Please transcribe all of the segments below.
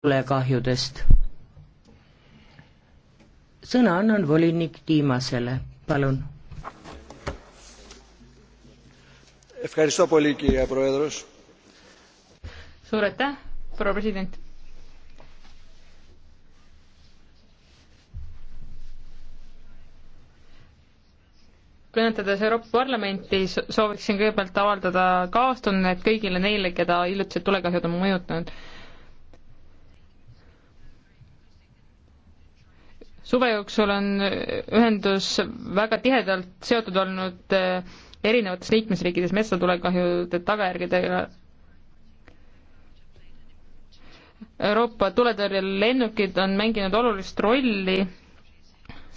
tulekahjudest. sõna annan volinik Tiimasele, palun. suur aitäh, proua president. kõnetades Euroopa Parlamenti, sooviksin kõigepealt avaldada kaastunnet kõigile neile, keda hiljutised tulekahjud on mõjutanud suve jooksul on ühendus väga tihedalt seotud olnud eh, erinevates liikmesriikides metsatulekahjude tagajärgedega. Euroopa tuletõrjelennukid on mänginud olulist rolli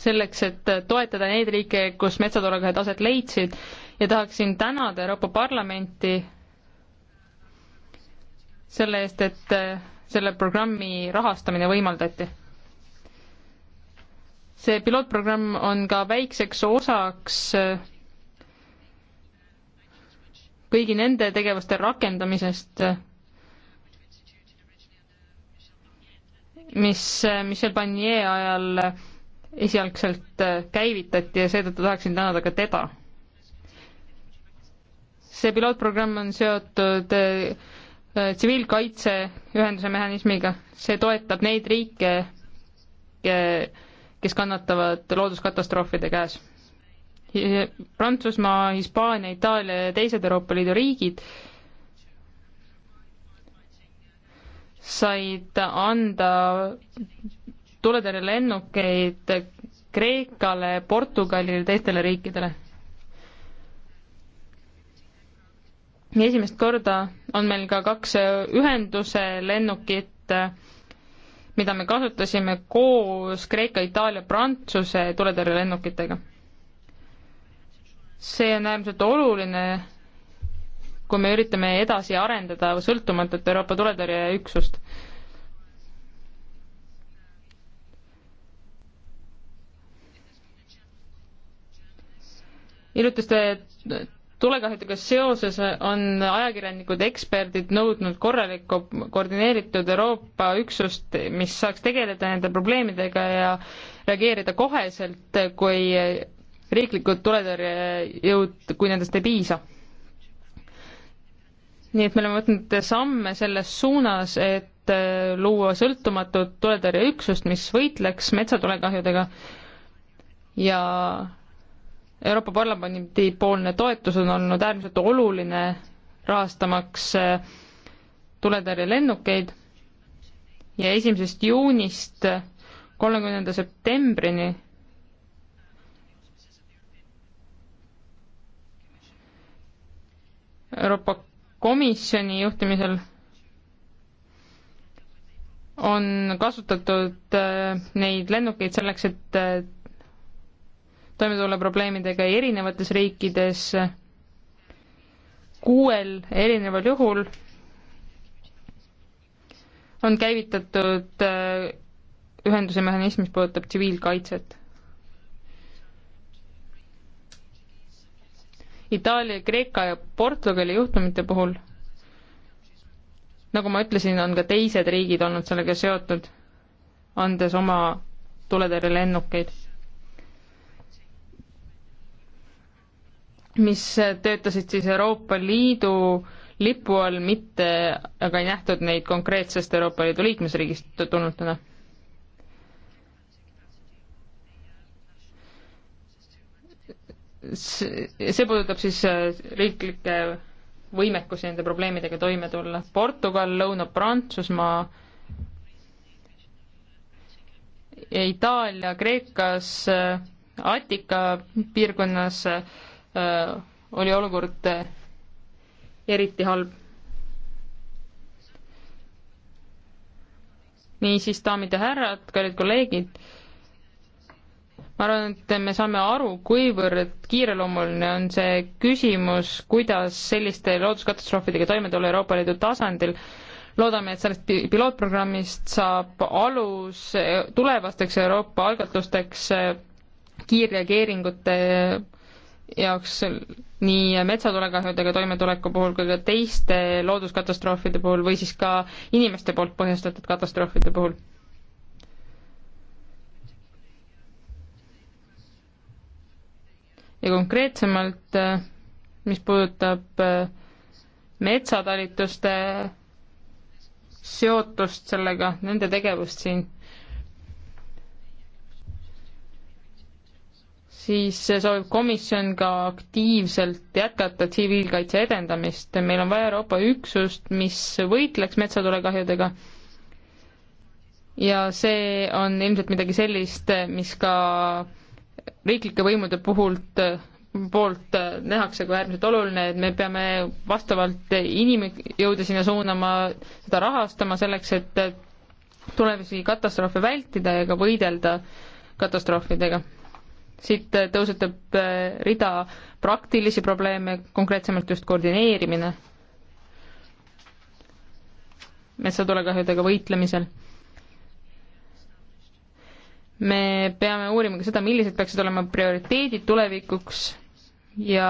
selleks, et toetada neid riike, kus metsatulekahjud aset leidsid ja tahaksin tänada Euroopa Parlamenti selle eest, et eh, selle programmi rahastamine võimaldati see pilootprogramm on ka väikseks osaks äh, kõigi nende tegevuste rakendamisest, mis äh, Michel Barnier ajal esialgselt äh, käivitati ja seetõttu tahaksin tänada ka teda. see pilootprogramm on seotud tsiviilkaitse ühenduse mehhanismiga, see toetab neid riike, kes kannatavad looduskatastroofide käes. Prantsusmaa, Hispaania, Itaalia ja teised Euroopa Liidu riigid said anda tuletõrjelennukeid Kreekale, Portugalile ja teistele riikidele. esimest korda on meil ka kaks ühenduse lennukit mida me kasutasime koos Kreeka, Itaalia, Prantsuse tuletõrjelennukitega. see on äärmiselt oluline, kui me üritame edasi arendada sõltumatut Euroopa tuletõrjeüksust. hiljutiste tulekahjudega seoses on ajakirjanikud, eksperdid nõudnud korralikku koordineeritud Euroopa üksust, mis saaks tegeleda nende probleemidega ja reageerida koheselt, kui riiklikud tuletõrjejõud, kui nendest ei piisa. nii et me oleme võtnud samme selles suunas, et luua sõltumatut tuletõrjeüksust, mis võitleks metsatulekahjudega ja Euroopa Parlamendi poolne toetus on olnud äärmiselt oluline rahastamaks äh, tuletõrjelennukeid ja esimesest juunist kolmekümnenda septembrini Euroopa Komisjoni juhtimisel on kasutatud äh, neid lennukeid selleks, et äh, toime tulla probleemidega erinevates riikides kuuel erineval juhul on käivitatud äh, ühenduse mehhanism, mis puudutab tsiviilkaitset. Itaalia, Kreeka ja Portugali juhtumite puhul, nagu ma ütlesin, on ka teised riigid olnud sellega seotud, andes oma tuletõrjelennukeid mis töötasid siis Euroopa Liidu lipu all, mitte aga ei nähtud neid konkreetsest Euroopa Liidu liikmesriigist tulnutena. see, see puudutab siis äh, riiklikke võimekusi nende probleemidega toime tulla. Portugal, Lõuna-Prantsusmaa, Itaalia, Kreekas, äh, Attika piirkonnas äh, Äh, oli olukord äh, eriti halb. niisiis, daamid ja härrad, kallid kolleegid, ma arvan, et me saame aru, kuivõrd kiireloomuline on see küsimus, kuidas selliste looduskatastroofidega toime tulla Euroopa Liidu tasandil. loodame, et sellest pilootprogrammist saab alus äh, tulevasteks Euroopa algatusteks kiirreageeringute jaoks nii metsatulekahjudega toimetuleku puhul kui ka teiste looduskatastroofide puhul või siis ka inimeste poolt põhjustatud katastroofide puhul. ja konkreetsemalt, mis puudutab äh, metsatalituste seotust sellega, nende tegevust siin siis soovib komisjon ka aktiivselt jätkata tsiviilkaitse edendamist. meil on vaja Euroopa üksust, mis võitleks metsatulekahjudega ja see on ilmselt midagi sellist, mis ka riiklike võimude puhult, poolt nähakse kui äärmiselt oluline, et me peame vastavalt inimjõude sinna suunama, seda rahastama selleks, et tulevasi katastroofe vältida ja ka võidelda katastroofidega siit tõusetub äh, rida praktilisi probleeme, konkreetsemalt just koordineerimine metsatulekahjudega võitlemisel. me peame uurima ka seda, millised peaksid olema prioriteedid tulevikuks ja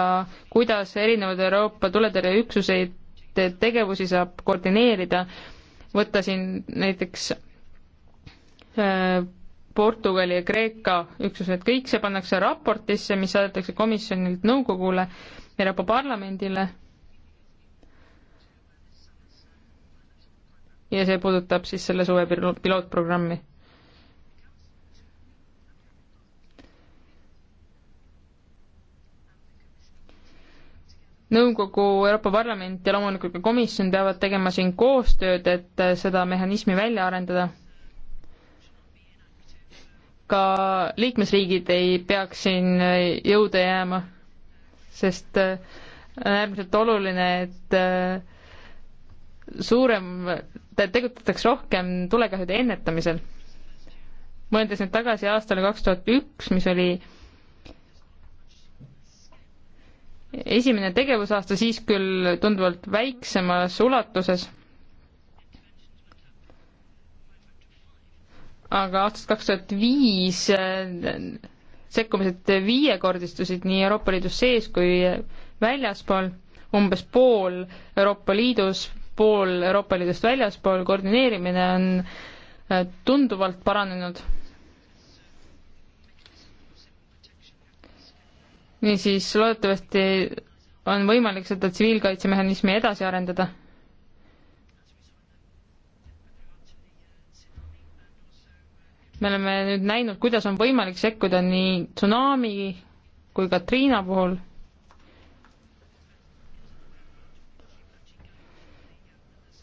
kuidas erinevaid Euroopa tuletõrjeüksuseid tegevusi saab koordineerida, võtta siin näiteks öö, äh, Portugali ja Kreeka üksused, kõik see pannakse raportisse, mis saadetakse komisjonilt nõukogule, Euroopa Parlamendile. ja see puudutab siis selle suve pilootprogrammi. nõukogu, Euroopa Parlament ja loomulikult ka komisjon peavad tegema siin koostööd, et seda mehhanismi välja arendada ka liikmesriigid ei peaks siin jõude jääma, sest äh, on äärmiselt oluline, et äh, suurem, tegutsetaks rohkem tulekahjude ennetamisel. mõeldes nüüd tagasi aastale kaks tuhat üks, mis oli esimene tegevusaasta, siis küll tunduvalt väiksemas ulatuses aga aastast kaks tuhat viis eh, sekkumised viiekordistusid nii Euroopa Liidu sees kui väljaspool, umbes pool Euroopa Liidus, pool Euroopa Liidust väljaspool, koordineerimine on eh, tunduvalt paranenud. niisiis loodetavasti on võimalik seda tsiviilkaitsemehhanismi edasi arendada me oleme nüüd näinud, kuidas on võimalik sekkuda nii tsunami kui Katriina puhul.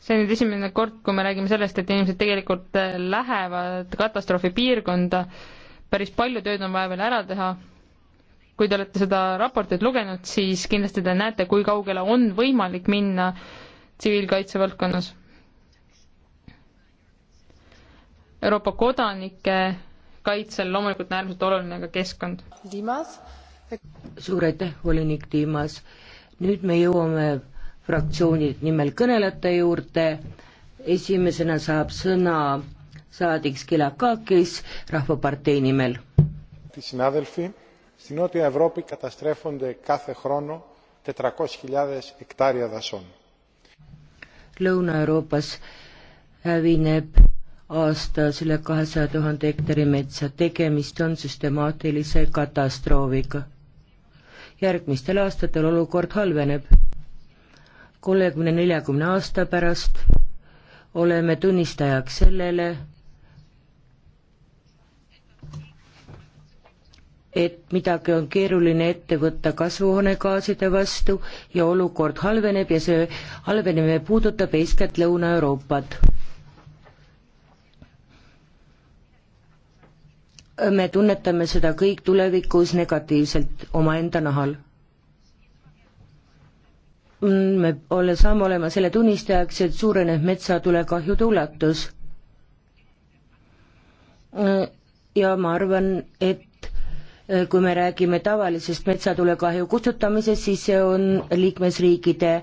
see on nüüd esimene kord, kui me räägime sellest, et inimesed tegelikult äh, lähevad katastroofi piirkonda. päris palju tööd on vaja veel ära teha. kui te olete seda raportit lugenud, siis kindlasti te näete, kui kaugele on võimalik minna tsiviilkaitse valdkonnas Euroopa kodanike kaitsel loomulikult on äärmiselt oluline ka keskkond. suur aitäh, volinik Dimas. nüüd me jõuame fraktsioonide nimel kõnelejate juurde. esimesena saab sõna saadik Skilakakis Rahvapartei nimel. Στην Νότια Ευρώπη καταστρέφονται κάθε χρόνο 400.000 εκτάρια δασών. Lõuna-Euroopas hävineb aastas üle kahesaja tuhande hektari metsa. tegemist on süstemaatilise katastroofiga. järgmistel aastatel olukord halveneb. kolmekümne, neljakümne aasta pärast oleme tunnistajaks sellele, et midagi on keeruline ette võtta kasvuhoonegaaside vastu ja olukord halveneb ja see halvenemine puudutab eeskätt Lõuna-Euroopat me tunnetame seda kõik tulevikus negatiivselt omaenda nahal. Mm, me ole, saame olema selle tunnistajaks, et suureneb metsatulekahjude ulatus. Mm, ja ma arvan, et eh, kui me räägime tavalisest metsatulekahju kustutamisest, siis see on liikmesriikide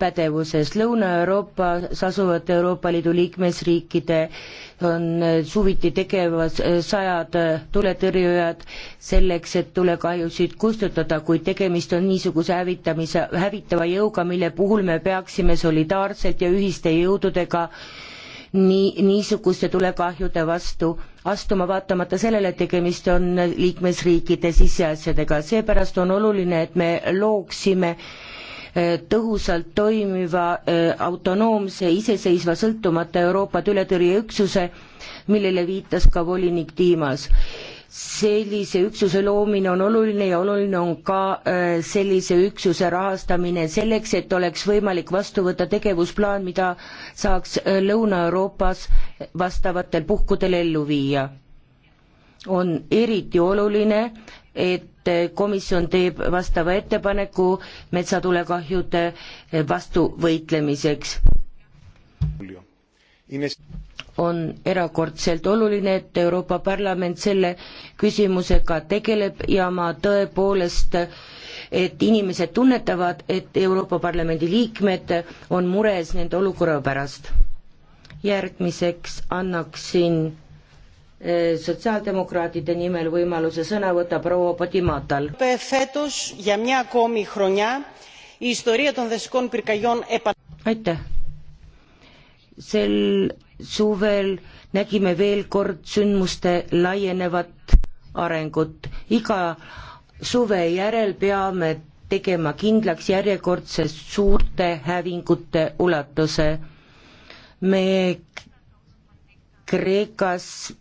pädevuses. Lõuna-Euroopas asuvate Euroopa Liidu liikmesriikide on eh, suviti tegevas eh, sajad eh, tuletõrjujad selleks, et tulekahjusid kustutada, kuid tegemist on niisuguse hävitamise, hävitava jõuga, mille puhul me peaksime solidaarselt ja ühiste jõududega nii, niisuguste tulekahjude vastu astuma, vaatamata sellele, et tegemist on liikmesriikide siseasjadega. seepärast on oluline, et me looksime äh, Eh, tõhusalt toimiva eh, autonoomse iseseisva sõltumata Euroopa tuletõrjeüksuse, millele viitas ka volinik Tiimas. sellise üksuse loomine on oluline ja oluline on ka eh, sellise üksuse rahastamine selleks, et oleks võimalik vastu võtta tegevusplaan, mida saaks Lõuna-Euroopas vastavatel puhkudel ellu viia. on eriti oluline, et et komisjon teeb vastava ettepaneku metsatulekahjude vastu võitlemiseks. on erakordselt oluline, et Euroopa Parlament selle küsimusega tegeleb ja ma tõepoolest et inimesed tunnetavad, et Euroopa Parlamendi liikmed on mures nende olukorra pärast. järgmiseks annaksin Eh, sotsiaaldemokraatide nimel võimaluse sõna võtta proua Podimatal. aitäh. sel suvel nägime veel kord sündmuste laienevat arengut. iga suve järel peame tegema kindlaks järjekordse suurte hävingute ulatuse. me Kreekas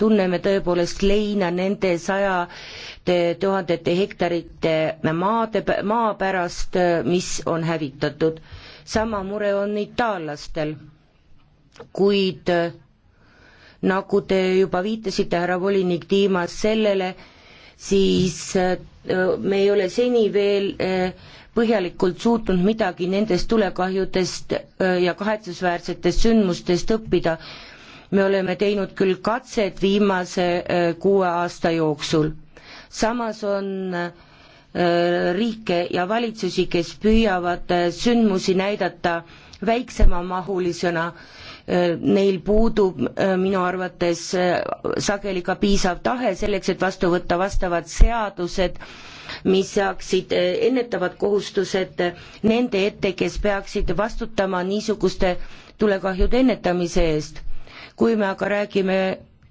tunneme tõepoolest leina nende sajade tuhandete hektarite maade, maa pärast, mis on hävitatud. sama mure on itaallastel, kuid nagu te juba viitasite, härra volinik Dimas, sellele, siis äh, me ei ole seni veel äh, põhjalikult suutnud midagi nendest tulekahjudest äh, ja kahetsusväärsetest sündmustest õppida me oleme teinud küll katset viimase äh, kuue aasta jooksul. samas on äh, riike ja valitsusi, kes püüavad äh, sündmusi näidata väiksemamahulisena, neil puudub minu arvates sageli ka piisav tahe selleks, et vastu võtta vastavad seadused, mis saaksid ennetavad kohustused nende ette, kes peaksid vastutama niisuguste tulekahjude ennetamise eest kui me aga räägime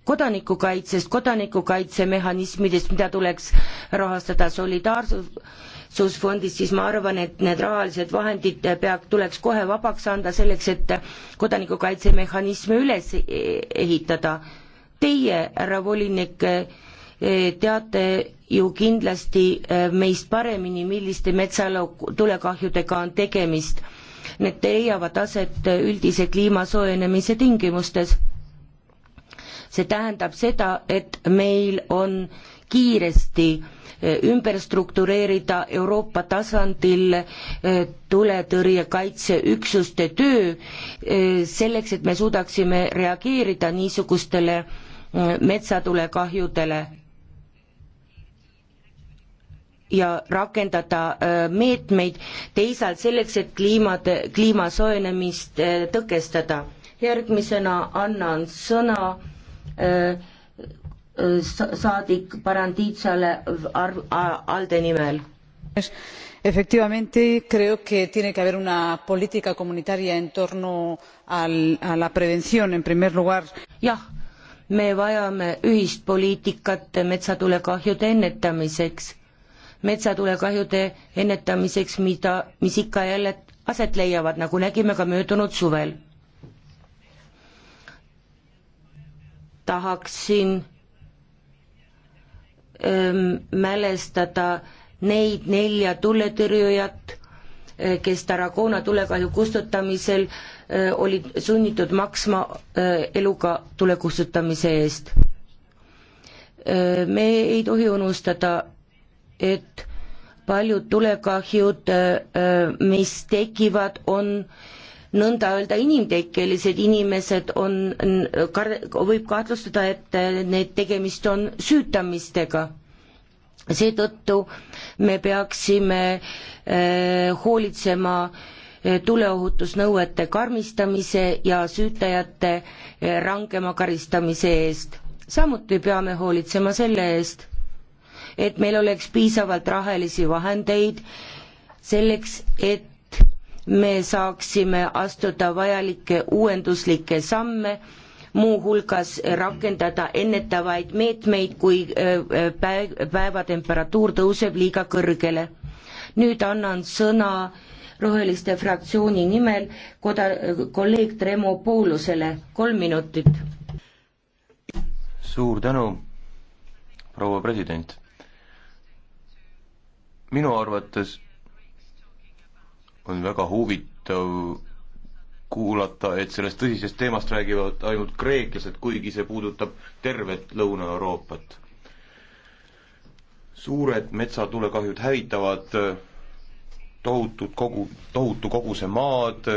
kodanikukaitsest, kodanikukaitsemehhanismidest, mida tuleks rahastada solidaarsusfondist, siis ma arvan, et need rahalised vahendid peab, tuleks kohe vabaks anda selleks, et kodanikukaitsemehhanisme üles e-, ehitada. Teie, härra volinik, e, teate ju kindlasti e, meist paremini, milliste metsaelu tulekahjudega on tegemist. Need leiavad aset üldise kliima soojenemise tingimustes see tähendab seda, et meil on kiiresti eh, ümber struktureerida Euroopa tasandil eh, tuletõrjekaitseüksuste töö, eh, selleks et me suudaksime reageerida niisugustele metsatulekahjudele ja rakendada meetmeid teisalt selleks, et kliimade, kliima soojenemist tõkestada. järgmisena annan sõna saadik Baranditsale arv, ALDE nimel. Efectivamente, creo que tiene que haber una política comunitaria en torno al, a la prevención, en primer lugar. jah, me vajame ühist poliitikat metsatulekahjude ennetamiseks metsatulekahjude ennetamiseks, mida, mis ikka jälle aset leiavad, nagu nägime ka möödunud suvel. tahaksin öö, ähm, mälestada neid nelja tuletõrjujat, äh, kes Tarragona tulekahju kustutamisel öö, äh, olid sunnitud maksma öö, äh, eluga tule kustutamise eest. me ei tohi unustada, et paljud tulekahjud, mis tekivad, on öö, nõnda öelda inimtekkelised inimesed on, võib kahtlustada, et äh, need tegemist on süütamistega. seetõttu me peaksime äh, hoolitsema äh, tuleohutusnõuete karmistamise ja süütajate rangema karistamise eest. samuti peame hoolitsema selle eest, et meil oleks piisavalt rahalisi vahendeid selleks, et me saaksime astuda vajalikke uuenduslikke samme, muuhulgas rakendada ennetavaid meetmeid, kui äh, äh, päev, päevatemperatuur tõuseb liiga kõrgele. nüüd annan sõna Roheliste fraktsiooni nimel koda-, kolleeg Tremo Poolusele, kolm minutit. suur tänu, proua president. minu arvates on väga huvitav kuulata, et sellest tõsisest teemast räägivad ainult kreeklased, kuigi see puudutab tervet Lõuna-Euroopat. suured metsatulekahjud hävitavad tohutut kogu, tohutu koguse maad,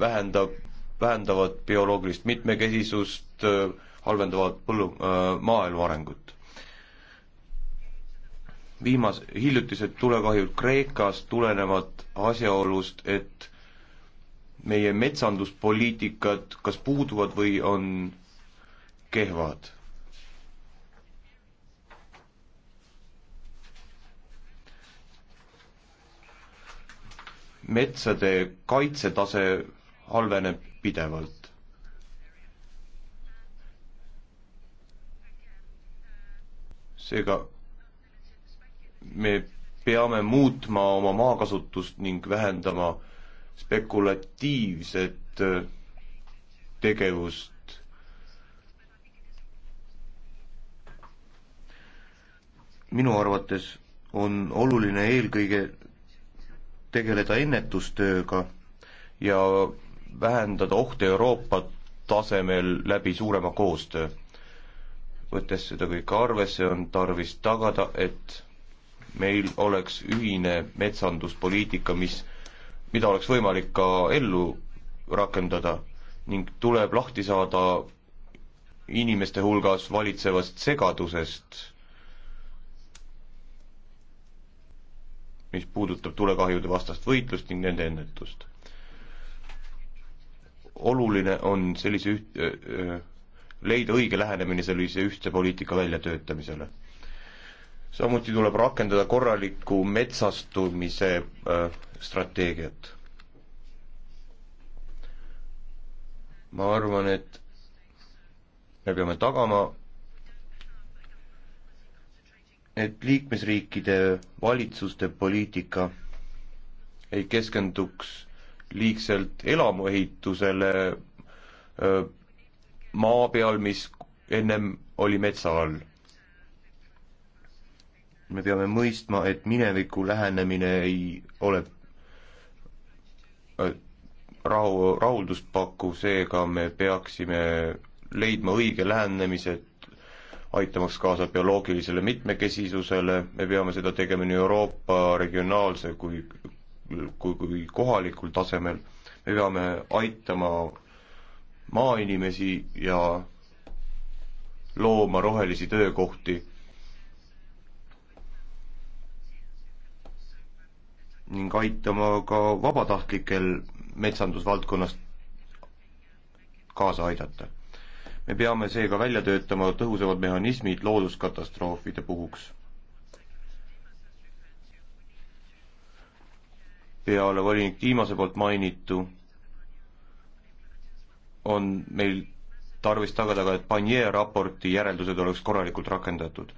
vähendab, vähendavad bioloogilist mitmekesisust, halvendavad põllu, maaelu arengut viimas-, hiljutised tulekahjud Kreekas tulenevad asjaolust, et meie metsanduspoliitikad kas puuduvad või on kehvad. metsade kaitsetase halveneb pidevalt. seega me peame muutma oma maakasutust ning vähendama spekulatiivset äh, tegevust. minu arvates on oluline eelkõige tegeleda ennetustööga ja vähendada ohte Euroopa tasemel läbi suurema koostöö. võttes seda kõike arvesse, on tarvis tagada, et meil oleks ühine metsanduspoliitika, mis, mida oleks võimalik ka ellu rakendada ning tuleb lahti saada inimeste hulgas valitsevast segadusest, mis puudutab tulekahjude vastast võitlust ning nende ennetust. oluline on sellise üht-, leida õige lähenemine sellise ühtse poliitika väljatöötamisele samuti tuleb rakendada korralikku metsastumise äh, strateegiat. ma arvan, et me peame tagama, et liikmesriikide valitsuste poliitika ei keskenduks liigselt elamuehitusele äh, maa peal, mis ennem oli metsa all me peame mõistma, et mineviku lähenemine ei ole äh, rahu, rahuldust pakkuv, seega me peaksime leidma õige lähenemise, aitamaks kaasa bioloogilisele mitmekesisusele, me peame seda tegema nii Euroopa regionaalse kui, kui, kui kohalikul tasemel, me peame aitama maainimesi ja looma rohelisi töökohti ning aitama ka vabatahtlikel metsandusvaldkonnas kaasa aidata. me peame seega välja töötama tõhusamad mehhanismid looduskatastroofide puhuks. peale volinik Tiimase poolt mainitu on meil tarvis tagada ka, et Panier raporti järeldused oleks korralikult rakendatud.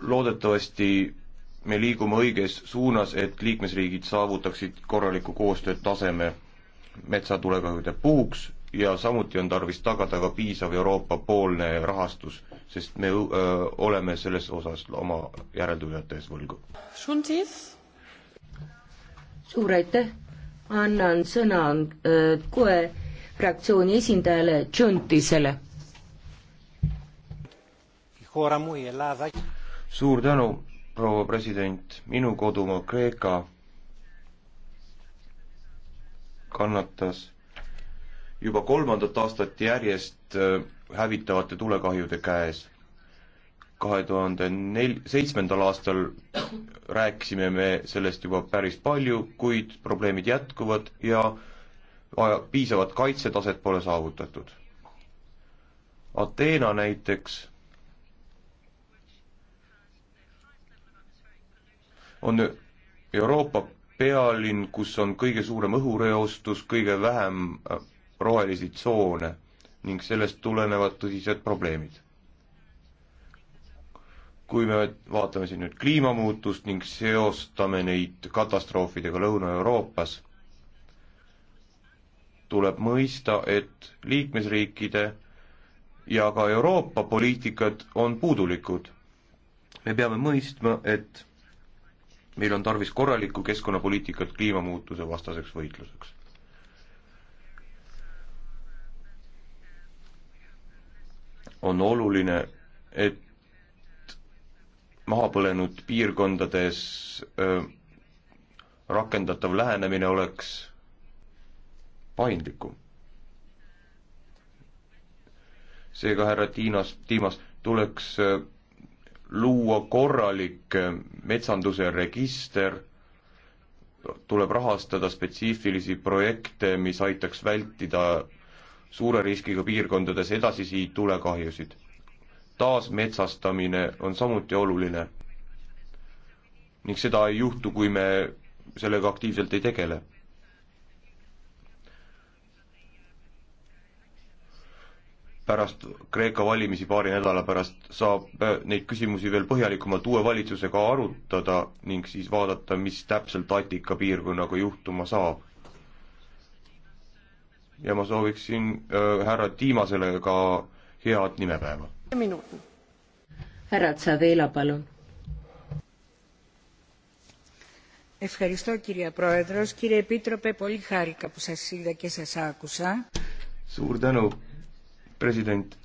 loodetavasti me liigume õiges suunas, et liikmesriigid saavutaksid korraliku koostöötaseme metsatulekahjude puhuks ja samuti on tarvis tagada ka piisav Euroopa-poolne rahastus, sest me öö, oleme selles osas oma järeltulijates võlgu. suur aitäh, annan sõna öö, kohe fraktsiooni esindajale Tšuntisele. suur tänu proua president, minu kodumaa Kreeka kannatas juba kolmandat aastat järjest äh, hävitavate tulekahjude käes. kahe tuhande nel-, seitsmendal aastal rääkisime me sellest juba päris palju, kuid probleemid jätkuvad ja vaja, piisavat kaitsetaset pole saavutatud. Ateena näiteks on Euroopa pealinn, kus on kõige suurem õhureostus, kõige vähem äh, rohelisi tsoone ning sellest tulenevad tõsised probleemid. kui me vaatame siin nüüd kliimamuutust ning seostame neid katastroofidega Lõuna-Euroopas, tuleb mõista, et liikmesriikide ja ka Euroopa poliitikad on puudulikud. me peame mõistma, et meil on tarvis korralikku keskkonnapoliitikat kliimamuutuse vastaseks võitluseks. on oluline, et mahapõlenud piirkondades öö, äh, rakendatav lähenemine oleks paindlikum. seega härra Tiinas, Tiimas, tuleks öö, äh, luua korralik eh, metsanduse register, tuleb rahastada spetsiifilisi projekte, mis aitaks vältida suure riskiga piirkondades edasisi tulekahjusid. taasmetsastamine on samuti oluline ning seda ei juhtu, kui me sellega aktiivselt ei tegele pärast Kreeka valimisi paari nädala pärast saab äh, neid küsimusi veel põhjalikumalt uue valitsusega arutada ning siis vaadata, mis täpselt Attika piirkonnaga juhtuma saab. ja ma sooviksin äh, härra Tiimasele ka head nimepäeva. härra Tsaveela, palun. Ευχαριστώ κυρία Πρόεδρος. Κύριε Επίτροπε, πολύ χάρηκα που σας είδα και σας άκουσα. Suur tänu, president.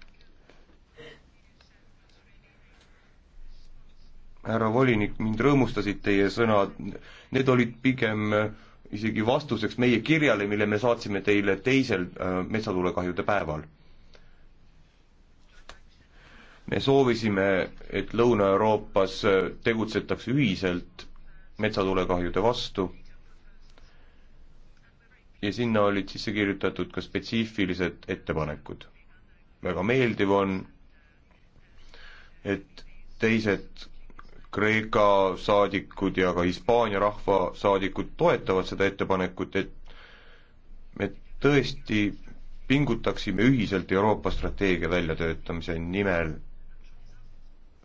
härra volinik, mind rõõmustasid teie sõnad, need olid pigem äh, isegi vastuseks meie kirjale, mille me saatsime teile teisel äh, metsatulekahjude päeval. me soovisime, et Lõuna-Euroopas äh, tegutsetakse ühiselt metsatulekahjude vastu ja sinna olid sisse kirjutatud ka spetsiifilised ettepanekud väga meeldiv on, et teised Kreeka saadikud ja ka Hispaania rahvasaadikud toetavad seda ettepanekut, et me tõesti pingutaksime ühiselt Euroopa strateegia väljatöötamise nimel,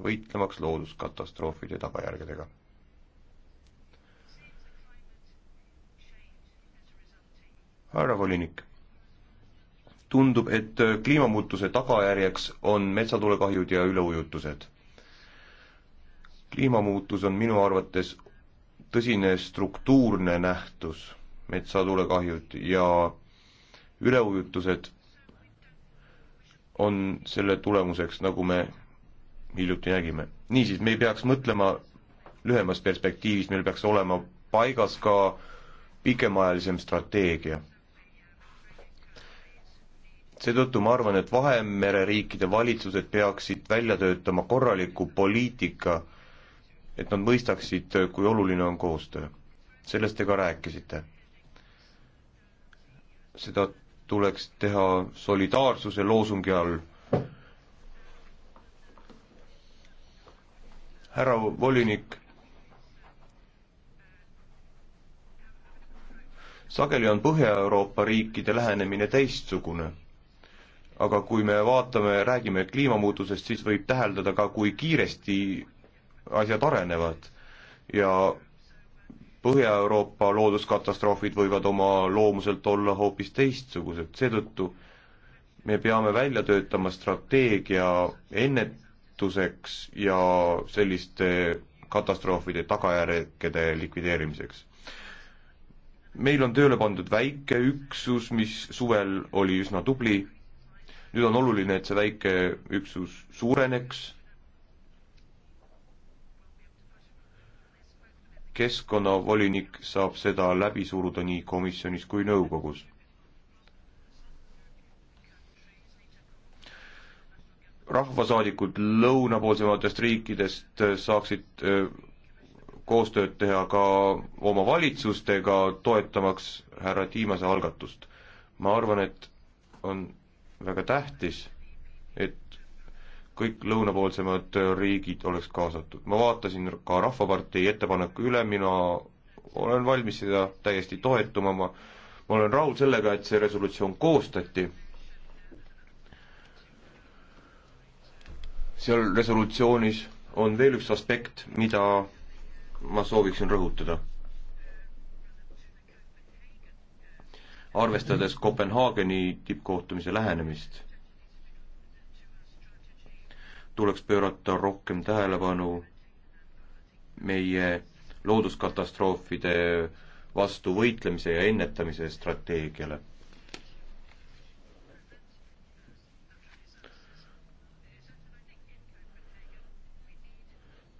võitlemaks looduskatastroofide tagajärgedega. härra volinik tundub, et äh, kliimamuutuse tagajärjeks on metsatulekahjud ja üleujutused. kliimamuutus on minu arvates tõsine struktuurne nähtus, metsatulekahjud ja üleujutused on selle tulemuseks, nagu me hiljuti nägime. niisiis, me ei peaks mõtlema lühemas perspektiivis, meil peaks olema paigas ka pikemaajalisem strateegia seetõttu ma arvan, et Vahemere riikide valitsused peaksid välja töötama korraliku poliitika, et nad mõistaksid, kui oluline on koostöö. sellest te ka rääkisite. seda tuleks teha solidaarsuse loosungi all. härra volinik, sageli on Põhja-Euroopa riikide lähenemine teistsugune aga kui me vaatame, räägime kliimamuutusest, siis võib täheldada ka, kui kiiresti asjad arenevad ja Põhja-Euroopa looduskatastroofid võivad oma loomuselt olla hoopis teistsugused, seetõttu me peame välja töötama strateegia ennetuseks ja selliste katastroofide tagajärgede likvideerimiseks. meil on tööle pandud väike üksus, mis suvel oli üsna tubli nüüd on oluline, et see väike üksus suureneks, keskkonnavolinik saab seda läbi suruda nii komisjonis kui nõukogus. rahvasaadikud lõunapoolsematest riikidest saaksid äh, koostööd teha ka oma valitsustega, toetamaks härra Tiimase algatust. ma arvan, et on väga tähtis, et kõik lõunapoolsemad riigid oleks kaasatud. ma vaatasin ka Rahvapartei ettepaneku üle, mina olen valmis seda täiesti toetuma, ma ma olen rahul sellega, et see resolutsioon koostati. seal resolutsioonis on veel üks aspekt, mida ma sooviksin rõhutada arvestades Kopenhaageni tippkohtumise lähenemist, tuleks pöörata rohkem tähelepanu meie looduskatastroofide vastu võitlemise ja ennetamise strateegiale.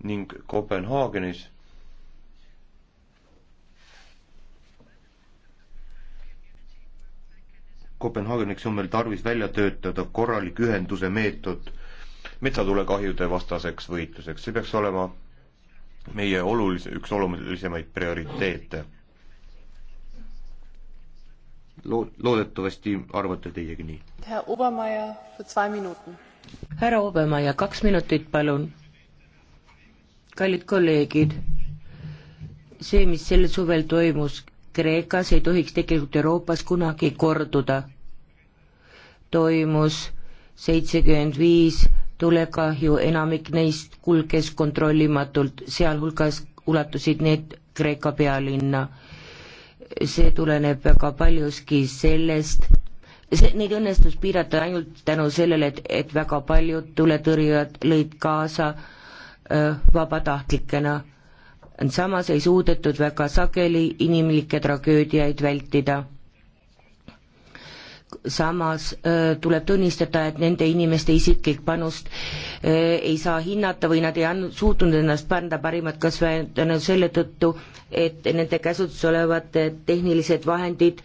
ning Kopenhaagenis Kopenhaageniks on meil tarvis välja töötada korralik ühenduse meetod metsatulekahjude vastaseks võitluseks, see peaks olema meie olulise, üks olulisemaid prioriteete. Loo-, loodetavasti arvate teiegi nii. härra Obermeier, kaks minutit, palun. kallid kolleegid, see, mis sel suvel toimus Kreekas, ei tohiks tegelikult Euroopas kunagi korduda toimus seitsekümmend viis tulekahju, enamik neist kulges kontrollimatult, sealhulgas ulatusid need Kreeka pealinna. see tuleneb väga paljuski sellest, see, neid õnnestus piirata ainult tänu sellele, et, et väga paljud tuletõrjujad lõid kaasa öö, vabatahtlikena. samas ei suudetud väga sageli inimlikke tragöödiaid vältida samas äh, tuleb tunnistada, et nende inimeste isiklik panust äh, ei saa hinnata või nad ei andnud, suutnud ennast panna parimat kas või tänu selle tõttu, et nende käsutuses olevad äh, tehnilised vahendid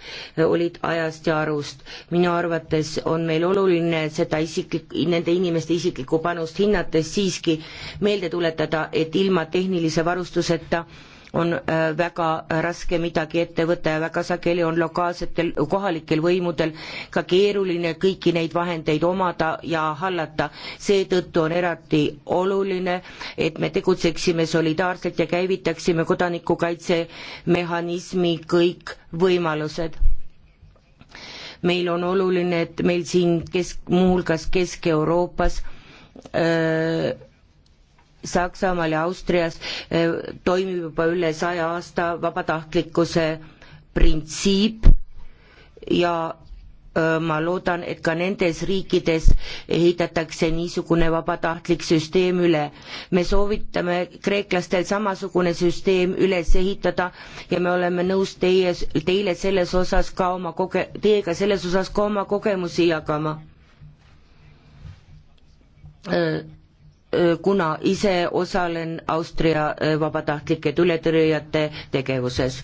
olid ajast ja arust. minu arvates on meil oluline seda isiklik, nende inimeste isiklikku panust hinnates siiski meelde tuletada, et ilma tehnilise varustuseta on äh, väga raske midagi ette võtta ja väga sageli on lokaalsetel, kohalikel võimudel ka keeruline kõiki neid vahendeid omada ja hallata. seetõttu on eraldi oluline, et me tegutseksime solidaarselt ja käivitaksime kodanikukaitsemehhanismi kõik võimalused meil on oluline, et meil siin kesk, muuhulgas Kesk-Euroopas öö, äh, Saksamaal ja Austrias eh, toimib juba üle saja aasta vabatahtlikkuse printsiip ja eh, ma loodan, et ka nendes riikides ehitatakse niisugune vabatahtlik süsteem üle. me soovitame kreeklastel samasugune süsteem üles ehitada ja me oleme nõus teie, teile selles osas ka oma koge-, teiega selles osas ka oma kogemusi jagama. Eh, Äh, kuna ise osalen Austria äh, vabatahtlike tuletõrjujate tegevuses.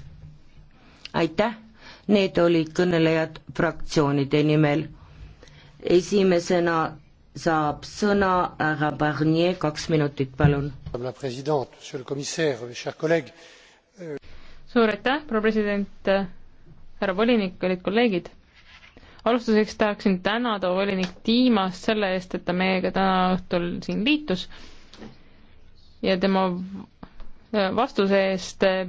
aitäh, need olid kõnelejad fraktsioonide nimel. esimesena saab sõna härra Barnier, kaks minutit, palun. Euh, suur aitäh, proua president, härra volinik, kallid kolleegid alustuseks tahaksin tänada volinik Tiimast selle eest, et ta meiega täna õhtul siin liitus ja tema vastuse eest eh,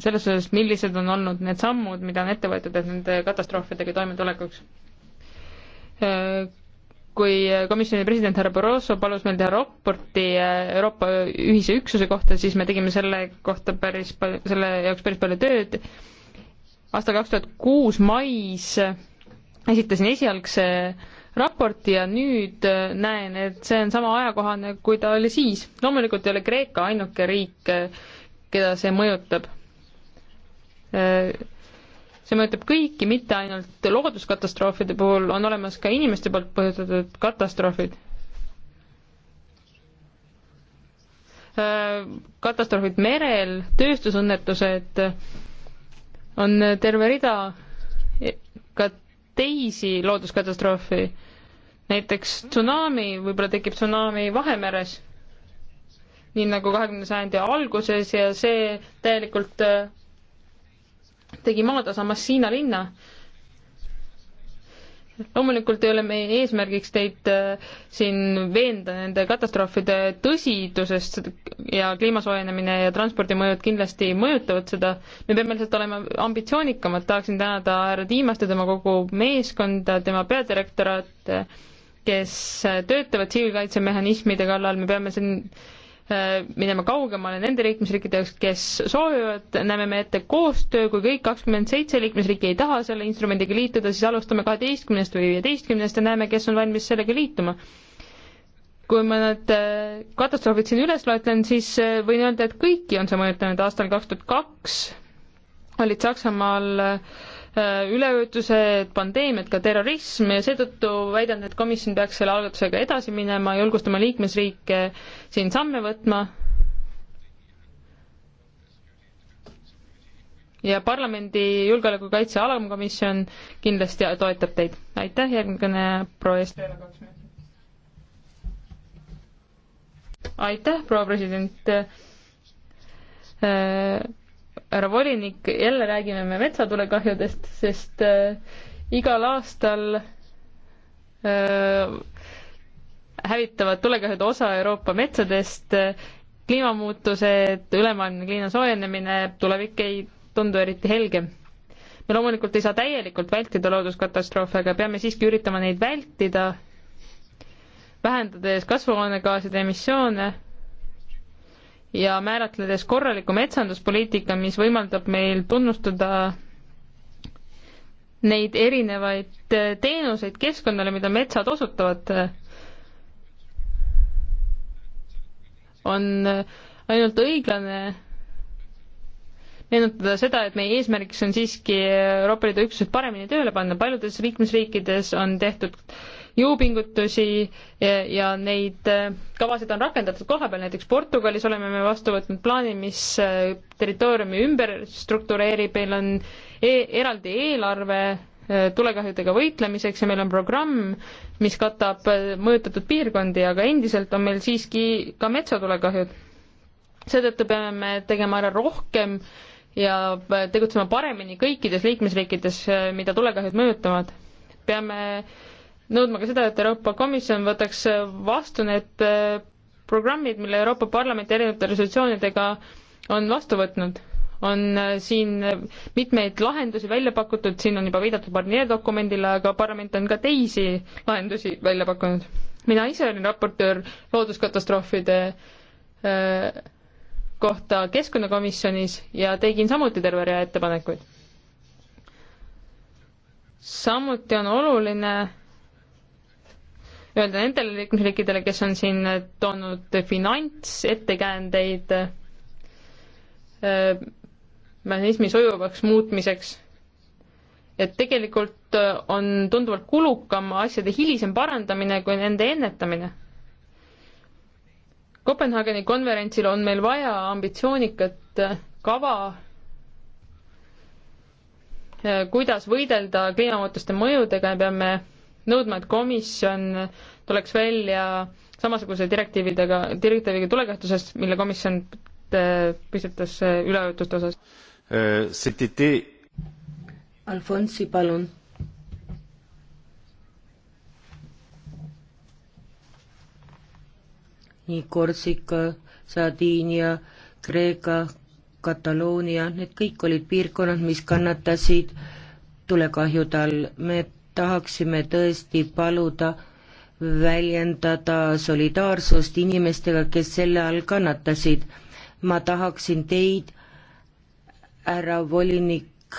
selles osas, millised on olnud need sammud, mida on ette võetud, et nende katastroofidega toimetulekuks. Eh, kui komisjoni president härra Barroso palus meil teha raporti eh, Euroopa ühise üksuse kohta, siis me tegime selle kohta päris palju, selle jaoks päris palju tööd. aasta kaks tuhat kuus mais esitasin esialgse raporti ja nüüd äh, näen, et see on sama ajakohane, kui ta oli siis. loomulikult ei ole Kreeka ainuke riik, äh, keda see mõjutab. Äh, see mõjutab kõiki, mitte ainult looduskatastroofide puhul, on olemas ka inimeste poolt põhjustatud katastroofid. katastroofid merel, tööstusõnnetused, on terve rida ka teisi looduskatastroofe, näiteks tsunami, võib-olla tekib tsunami Vahemeres, nii nagu kahekümnenda sajandi alguses ja see täielikult äh, tegi maatasa Massina linna loomulikult ei ole meie eesmärgiks teid äh, siin veenda nende katastroofide tõsidusest ja kliima soojenemine ja transpordimõjud kindlasti mõjutavad seda. me peame lihtsalt olema ambitsioonikamad, tahaksin tänada härra Tiimast ja tema kogu meeskonda, tema peadirektorat, kes töötavad tsiviilkaitsemehhanismide kallal, me peame siin Äh, minema kaugemale nende liikmesriikide jaoks, kes soovivad, näeme me ette koostöö, kui kõik kakskümmend seitse liikmesriiki ei taha selle instrumendiga liituda, siis alustame kaheteistkümnest või viieteistkümnest ja näeme, kes on valmis sellega liituma. kui ma need äh, katastroofid siin üles loetlen, siis äh, võin öelda, et kõiki on see mõjutanud, aastal kaks tuhat kaks olid Saksamaal äh, Äh, üleujutused, pandeemiad, ka terrorism ja seetõttu väidan, et komisjon peaks selle algatusega edasi minema, julgustama liikmesriike siin samme võtma. ja parlamendi julgeoleku kaitse alamkomisjon kindlasti toetab teid. aitäh, järgmine kõne proua eest. aitäh, proua president äh, härra volinik, jälle räägime me metsatulekahjudest, sest äh, igal aastal äh, hävitavad tulekahjude osa Euroopa metsadest äh,, kliimamuutused, ülemaailmne kliima soojenemine, tulevik ei tundu eriti helge. me loomulikult ei saa täielikult vältida looduskatastroofe, aga peame siiski üritama neid vältida, vähendades kasvuhoonegaaside emissioone ja määratledes korraliku metsanduspoliitika, mis võimaldab meil tunnustada neid erinevaid äh, teenuseid keskkonnale, mida metsad osutavad, äh, on äh, ainult õiglane meenutada seda, et meie eesmärgiks on siiski Euroopa Liidu üksused paremini tööle panna, paljudes liikmesriikides on tehtud äh, jõupingutusi ja, ja neid äh, kavasid on rakendatud kohapeal, näiteks Portugalis oleme me vastu võtnud plaani, mis äh, territooriumi ümber struktureerib, meil on e eraldi eelarve äh, tulekahjudega võitlemiseks ja meil on programm, mis katab mõjutatud piirkondi, aga endiselt on meil siiski ka metsatulekahjud. seetõttu peame me tegema ära rohkem ja tegutsema paremini kõikides liikmesriikides, mida tulekahjud mõjutavad. peame nõudma ka seda, et Euroopa Komisjon võtaks vastu need äh, programmid, mille Euroopa Parlament erinevate resolutsioonidega on vastu võtnud. on äh, siin äh, mitmeid lahendusi välja pakutud, siin on juba viidatud Barnier dokumendile, aga parlament on ka teisi lahendusi välja pakkunud. mina ise olin raportöör looduskatastroofide kohta Keskkonnakomisjonis ja tegin samuti terve rea ettepanekuid. samuti on oluline öelda nendele liikmesriikidele, kes on siin toonud finantsettekäändeid äh, mehhanismi sujuvaks muutmiseks, et tegelikult äh, on tunduvalt kulukam asjade hilisem parandamine kui nende ennetamine. Kopenhaageni konverentsil on meil vaja ambitsioonikat äh, kava, kuidas võidelda kliimamuutuste mõjudega ja peame nõudma, et komisjon tuleks välja samasuguse direktiividega, direktiiviga tulekahtusest, mille komisjon äh, püstitas äh, üleujutuste osas. Äh, Alfonsi, palun. nii Korsika, Sardiinia, Kreeka, Kataloonia, need kõik olid piirkonnad, mis kannatasid tulekahjude all. me tahaksime tõesti paluda väljendada solidaarsust inimestega, kes selle all kannatasid. ma tahaksin teid, härra volinik,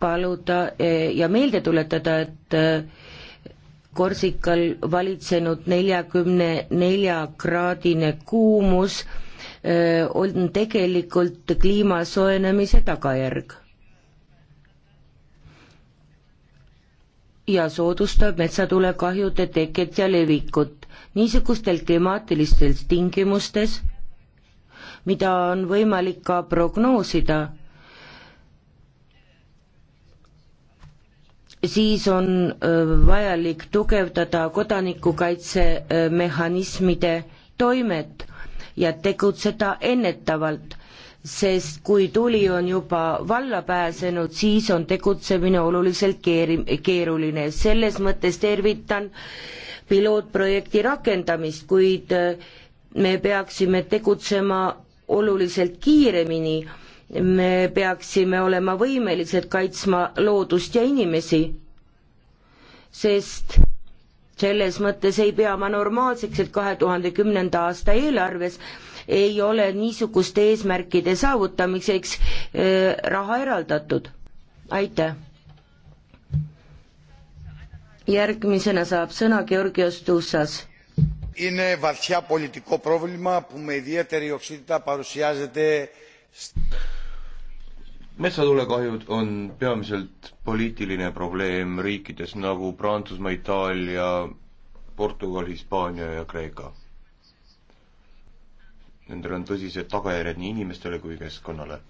paluda eh, ja meelde tuletada, et eh, Korsikal valitsenud neljakümne nelja kraadine kuumus eh, on tegelikult kliima soojenemise tagajärg ja soodustab metsatulekahjude teket ja levikut. niisugustel klimaatilistes tingimustes, mida on võimalik ka prognoosida, siis on vajalik tugevdada kodanikukaitsemehhanismide toimet ja tegutseda ennetavalt sest kui tuli on juba valla pääsenud, siis on tegutsemine oluliselt keeri-, keeruline, selles mõttes tervitan pilootprojekti rakendamist, kuid äh, me peaksime tegutsema oluliselt kiiremini, me peaksime olema võimelised kaitsma loodust ja inimesi, sest selles mõttes ei pea ma normaalseks, et kahe tuhande kümnenda aasta eelarves ei ole niisuguste eesmärkide saavutamiseks äh, raha eraldatud. aitäh! järgmisena saab sõna Georgios Tussas. Είναι βαθιά πολιτικό πρόβλημα που με ιδιαίτερη οξύτητα παρουσιάζεται metsatulekahjud on peamiselt poliitiline probleem riikides nagu Prantsusmaa, Itaalia, Portugal, Hispaania ja Kreeka nendel on tõsised tagajärjed nii inimestele kui keskkonnale.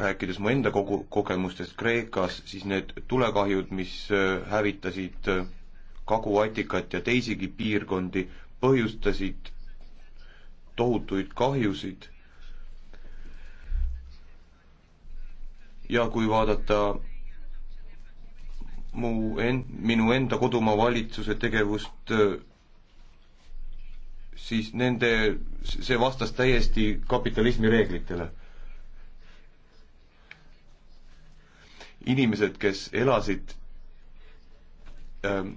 rääkides mu enda kogu, kogemustest Kreekas, siis need tulekahjud, mis äh, hävitasid äh, Kagu-Atikat ja teisigi piirkondi, põhjustasid tohutuid kahjusid ja kui vaadata mu en-, minu enda kodumaa valitsuse tegevust, siis nende, see vastas täiesti kapitalismi reeglitele. inimesed, kes elasid ähm,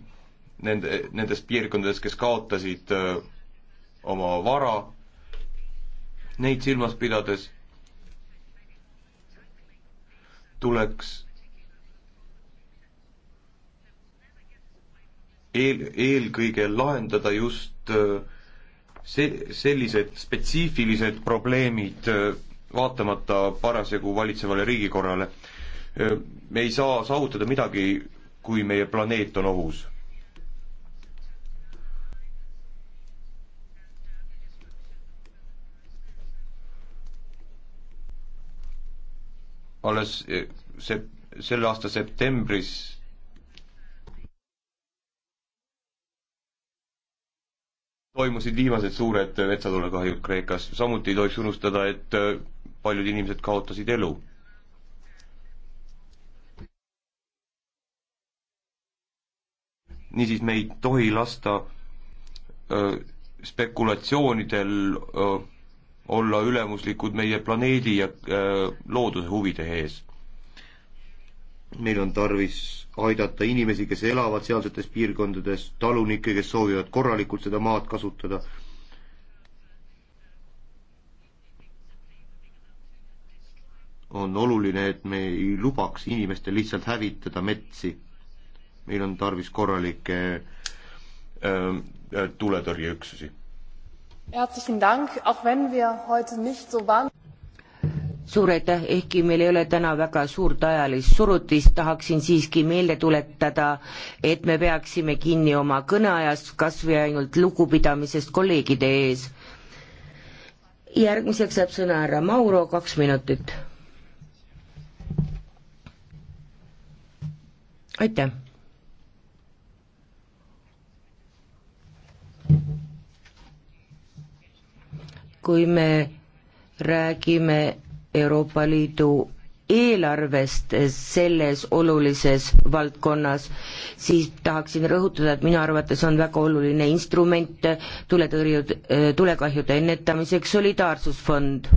nende, nendes piirkondades, kes kaotasid öö, äh, oma vara, neid silmas pidades tuleks eel, eelkõige lahendada just äh, see, sellised spetsiifilised probleemid, äh, vaatamata parasjagu valitsevale riigikorrale. Äh, me ei saa saavutada midagi, kui meie planeet on ohus. alles see, selle aasta septembris toimusid viimased suured metsatulekahjud Kreekas, samuti ei tohiks unustada, et äh, paljud inimesed kaotasid elu. niisiis, me ei tohi lasta öö, äh, spekulatsioonidel öö, äh, olla ülemuslikud meie planeedi ja öö, looduse huvide ees meil on tarvis aidata inimesi, kes elavad sealsetes piirkondades, talunikke, kes soovivad korralikult seda maad kasutada. on oluline, et me ei lubaks inimestel lihtsalt hävitada metsi. meil on tarvis korralikke ähm, äh, tuletõrjeüksusi. Herzlichen Dank, auch wenn wir heute nicht so waren suur aitäh, ehkki meil ei ole täna väga suurt ajalist surutist, tahaksin siiski meelde tuletada, et me peaksime kinni oma kõneajast, kas või ainult lugupidamisest kolleegide ees. järgmiseks saab sõna härra Mauro, kaks minutit. aitäh. kui me räägime Euroopa Liidu eelarvest selles olulises valdkonnas, siis tahaksin rõhutada, et minu arvates on väga oluline instrument tuletõrjud, tulekahjude ennetamiseks solidaarsusfond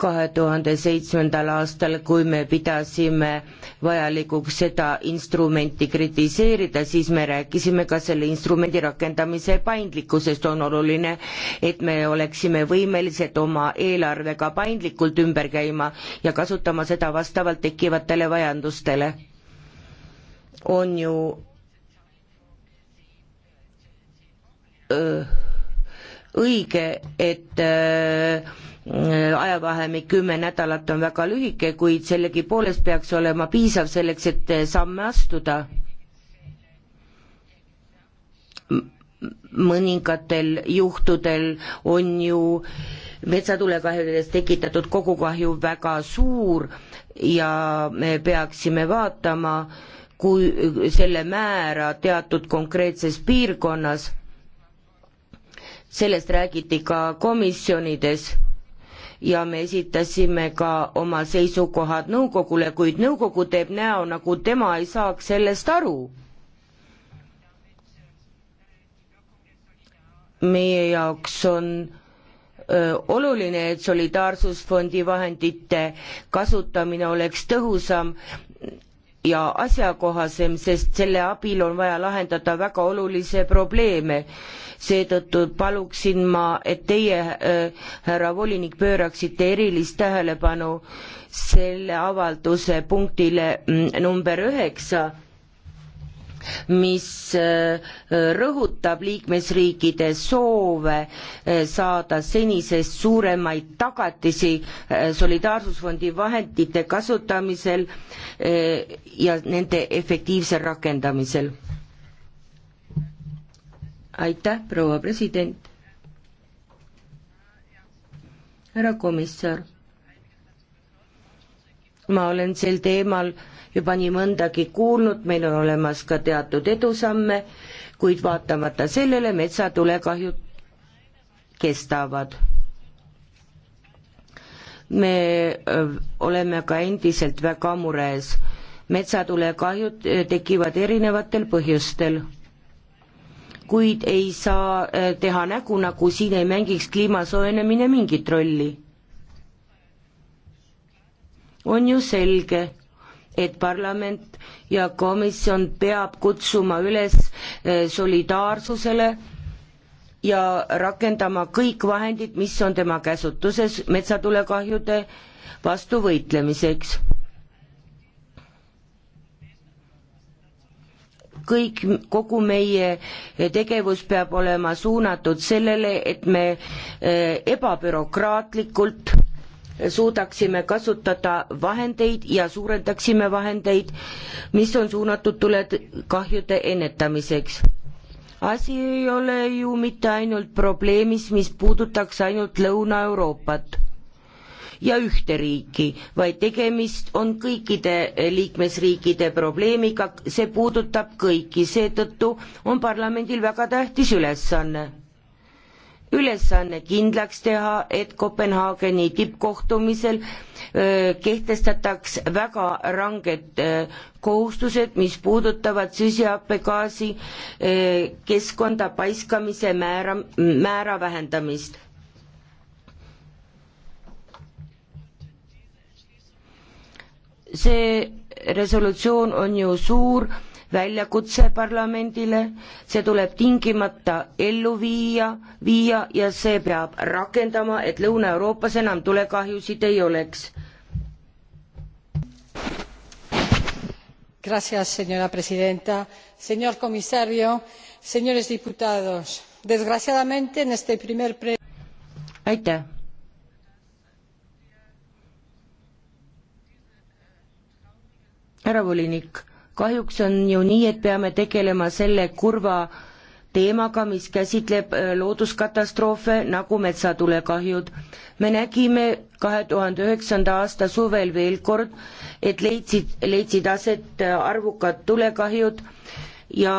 kahe tuhande seitsmendal aastal, kui me pidasime vajalikuks seda instrumenti kritiseerida, siis me rääkisime ka selle instrumendi rakendamise paindlikkusest, on oluline, et me oleksime võimelised oma eelarvega paindlikult ümber käima ja kasutama seda vastavalt tekkivatele vajadustele. on ju öö, õige, et öö, Äh, ajavahemik kümme nädalat on väga lühike, kuid sellegipoolest peaks olema piisav selleks, et äh, samme astuda. mõningatel juhtudel on ju metsatulekahjudest tekitatud kogukahju väga suur ja me peaksime vaatama, kui selle määra teatud konkreetses piirkonnas, sellest räägiti ka komisjonides ja me esitasime ka oma seisukohad nõukogule, kuid nõukogu teeb näo, nagu tema ei saaks sellest aru. meie jaoks on öö, oluline, et solidaarsusfondi vahendite kasutamine oleks tõhusam ja asjakohasem, sest selle abil on vaja lahendada väga olulisi probleeme. seetõttu paluksin ma, et teie äh,, härra volinik, pööraksite erilist tähelepanu selle avalduse punktile mm, number üheksa mis äh, rõhutab liikmesriikide soove äh, saada senisest suuremaid tagatisi äh, solidaarsusfondi vahendite kasutamisel ja nende efektiivsel rakendamisel. aitäh, proua president. härra komissar, ma olen sel teemal juba nii mõndagi kuulnud, meil on olemas ka teatud edusamme, kuid vaatamata sellele metsatulekahjud kestavad. me oleme ka endiselt väga mures. metsatulekahjud tekivad erinevatel põhjustel kuid ei saa teha nägu, nagu siin ei mängiks kliima soojenemine mingit rolli. on ju selge, et parlament ja komisjon peab kutsuma üles eh, solidaarsusele ja rakendama kõik vahendid, mis on tema käsutuses metsatulekahjude vastu võitlemiseks. kõik, kogu meie tegevus peab olema suunatud sellele, et me eh, ebabürokraatlikult suudaksime kasutada vahendeid ja suurendaksime vahendeid, mis on suunatud tulekahjude ennetamiseks. asi ei ole ju mitte ainult probleemis, mis puudutaks ainult Lõuna-Euroopat ja ühte riiki, vaid tegemist on kõikide liikmesriikide probleemiga, see puudutab kõiki, seetõttu on parlamendil väga tähtis ülesanne ülesanne kindlaks teha, et Kopenhaageni tippkohtumisel kehtestataks väga ranged kohustused, mis puudutavad süsihappegaasi keskkonda paiskamise määra, määra vähendamist. see resolutsioon on ju suur väljakutse parlamendile, see tuleb tingimata ellu viia, viia ja see peab rakendama, et Lõuna-Euroopas enam tulekahjusid ei oleks. Gracias, señora presidenta, señor comisario, señores diputados. Desgraciadamente, en este primer pre... aitäh härra volinik kahjuks on ju nii, et peame tegelema selle kurva teemaga, mis käsitleb äh, looduskatastroofe nagu metsatulekahjud. me nägime kahe tuhande üheksanda aasta suvel veel kord, et leidsid, leidsid aset äh, arvukad tulekahjud ja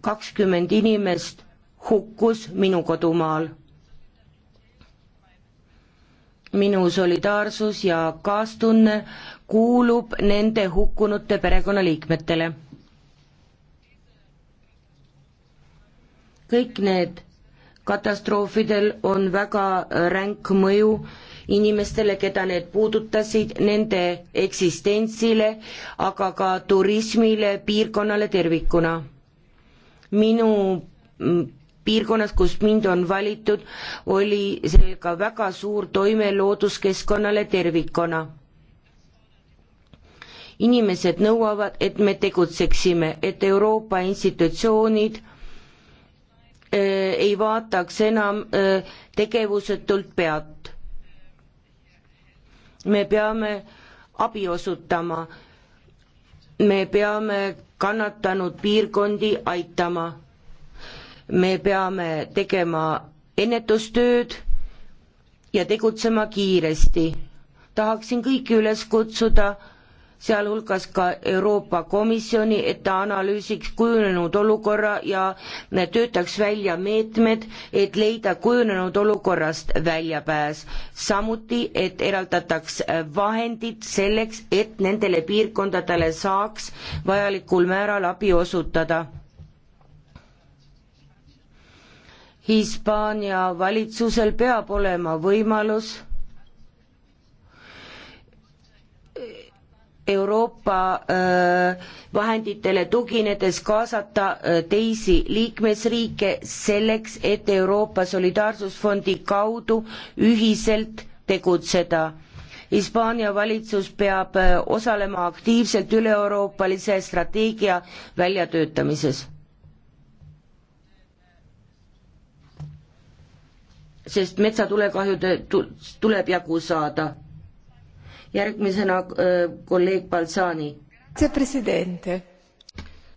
kakskümmend inimest hukkus minu kodumaal minu solidaarsus ja kaastunne kuulub nende hukkunute perekonnaliikmetele. kõik need katastroofidel on väga ränk mõju inimestele, keda need puudutasid, nende eksistentsile, aga ka turismile, piirkonnale tervikuna. minu mm, piirkonnas, kust mind on valitud, oli seega väga suur toime looduskeskkonnale tervikuna. inimesed nõuavad, et me tegutseksime, et Euroopa institutsioonid äh, ei vaataks enam äh, tegevusetult pealt. me peame abi osutama, me peame kannatanud piirkondi aitama me peame tegema ennetustööd ja tegutsema kiiresti. tahaksin kõiki üles kutsuda, sealhulgas ka Euroopa Komisjoni, et ta analüüsiks kujunenud olukorra ja töötaks välja meetmed, et leida kujunenud olukorrast väljapääs. samuti, et eraldataks vahendid selleks, et nendele piirkondadele saaks vajalikul määral abi osutada Hispaania valitsusel peab olema võimalus Euroopa äh, vahenditele tuginedes kaasata äh, teisi liikmesriike selleks, et Euroopa Solidaarsusfondi kaudu ühiselt tegutseda. Hispaania valitsus peab äh, osalema aktiivselt üle-euroopalise strateegia väljatöötamises sest metsatulekahjude tuleb jagu saada. järgmisena äh, kolleeg Balsani.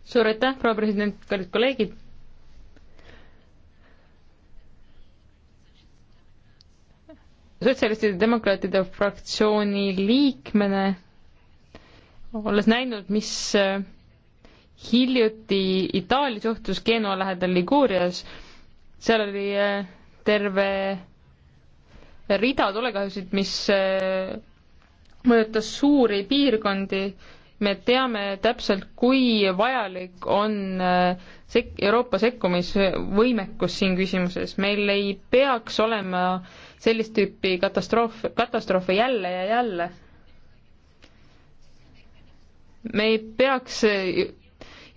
suur aitäh, proua president, kallid kolleegid. sotsialistide ja demokraatide fraktsiooni liikmena, olles näinud, mis äh, hiljuti Itaalias juhtus Genua lähedal Liguurias, seal oli äh, terve rida tulekahjusid, mis äh, mõjutas suuri piirkondi. me teame täpselt, kui vajalik on äh, sek-, Euroopa sekkumisvõimekus siin küsimuses. meil ei peaks olema sellist tüüpi katastroof, katastroofe jälle ja jälle. me ei peaks äh,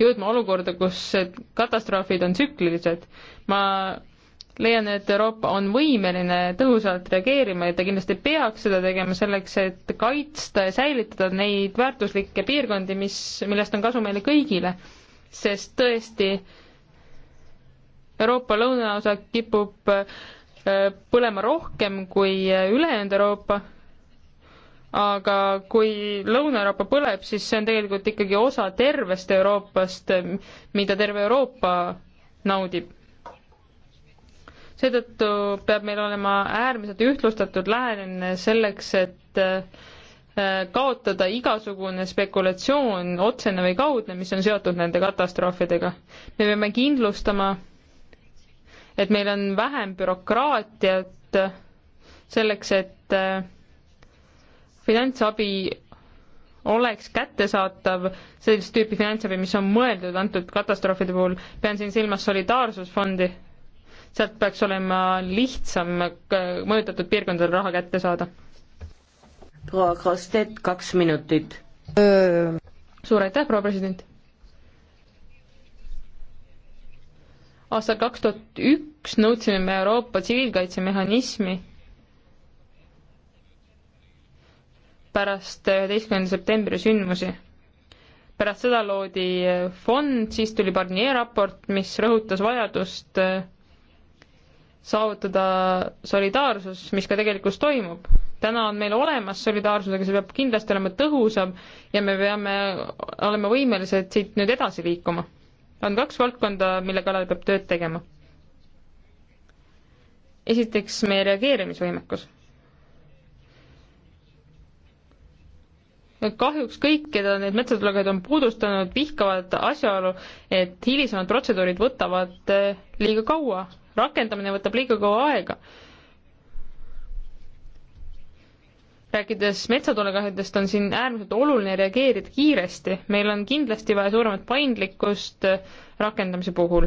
jõudma olukorda, kus katastroofid on tsüklilised. ma leian, et Euroopa on võimeline tõhusalt reageerima ja ta kindlasti peaks seda tegema selleks, et kaitsta ja säilitada neid väärtuslikke piirkondi, mis, millest on kasu meile kõigile. sest tõesti, Euroopa lõunaosa kipub äh, põlema rohkem kui äh, ülejäänud Euroopa, aga kui Lõuna-Euroopa põleb, siis see on tegelikult ikkagi osa tervest Euroopast, mida terve Euroopa naudib seetõttu peab meil olema äärmiselt ühtlustatud lähenemine selleks, et äh, kaotada igasugune spekulatsioon, otsene või kaudne, mis on seotud nende katastroofidega. me peame kindlustama, et meil on vähem bürokraatiat selleks, et äh, finantsabi oleks kättesaatav sellist tüüpi finantsabi, mis on mõeldud antud katastroofide puhul, pean siin silmas solidaarsusfondi, sealt peaks olema lihtsam äh, mõjutatud piirkondadel raha kätte saada. proua Krostet, kaks minutit. suur aitäh, proua president. aastal kaks tuhat üks nõudsime me Euroopa tsiviilkaitsemehhanismi pärast üheteistkümnenda septembri sündmusi. pärast seda loodi fond, siis tuli Barnier raport, mis rõhutas vajadust äh, saavutada solidaarsus, mis ka tegelikult toimub. täna on meil olemas solidaarsus, aga see peab kindlasti olema tõhusam ja me peame olema võimelised siit nüüd edasi liikuma. on kaks valdkonda, mille kallal peab tööd tegema. esiteks meie reageerimisvõimekus. kahjuks kõik, keda need metsatulekahjud on puudustanud, vihkavad asjaolu, et hilisemad protseduurid võtavad eh, liiga kaua rakendamine võtab liiga kaua aega. rääkides metsatuulekahjudest, on siin äärmiselt oluline reageerida kiiresti, meil on kindlasti vaja suuremat paindlikkust rakendamise puhul,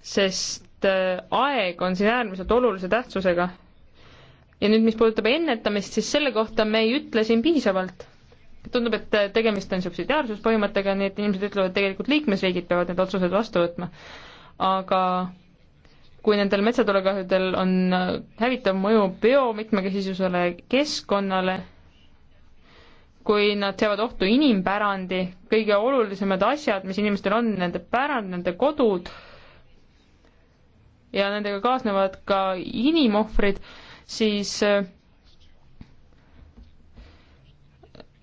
sest äh, aeg on siin äärmiselt olulise tähtsusega. ja nüüd, mis puudutab ennetamist, siis selle kohta me ei ütle siin piisavalt tundub, et äh, tegemist on subsidiaarsuspõhimõttega, nii et inimesed ütlevad, et tegelikult liikmesriigid peavad need otsused vastu võtma. aga kui nendel metsatulekahjudel on äh, hävitav mõju biomitmekesisusele, keskkonnale, kui nad seavad ohtu inimpärandi, kõige olulisemad asjad, mis inimestel on, nende pärand, nende kodud ja nendega kaasnevad ka inimohvrid, siis äh,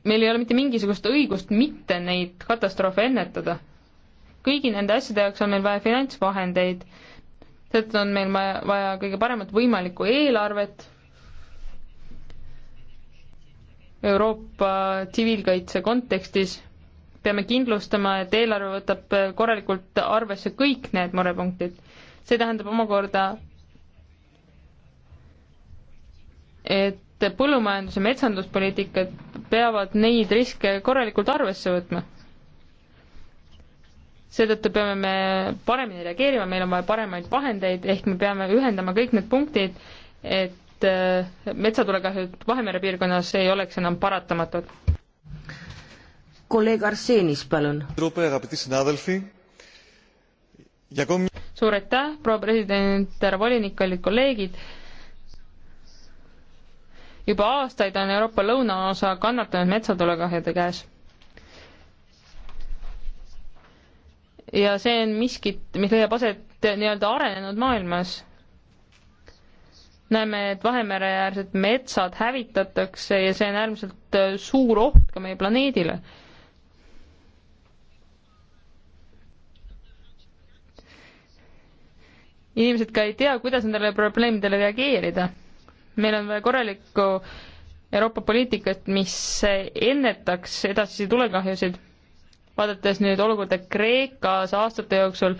meil ei ole mitte mingisugust õigust mitte neid katastroofe ennetada. kõigi nende asjade jaoks on meil vaja finantsvahendeid seetõttu on meil vaja, vaja kõige paremat võimalikku eelarvet Euroopa tsiviilkaitse kontekstis. peame kindlustama, et eelarve võtab korralikult arvesse kõik need murepunktid. see tähendab omakorda, et põllumajandus- ja metsanduspoliitikad peavad neid riske korralikult arvesse võtma seetõttu peame me paremini reageerima, meil on vaja paremaid vahendeid, ehk me peame ühendama kõik need punktid, et äh, metsatulekahjud Vahemere piirkonnas ei oleks enam paratamatud. kolleeg Arsenis, palun. suur aitäh, proua president, härra volinik, kallid kolleegid juba aastaid on Euroopa lõunaosa kannatanud metsatulekahjude käes. ja see on miskit, mis leiab aset nii-öelda arenenud maailmas. näeme, et Vahemereäärsed metsad hävitatakse ja see on äärmiselt äh, suur oht ka meie planeedile. inimesed ka ei tea, kuidas nendele probleemidele reageerida. meil on vaja korralikku Euroopa poliitikat, mis ennetaks edasisi tulekahjusid vaadates nüüd olukorda Kreekas aastate jooksul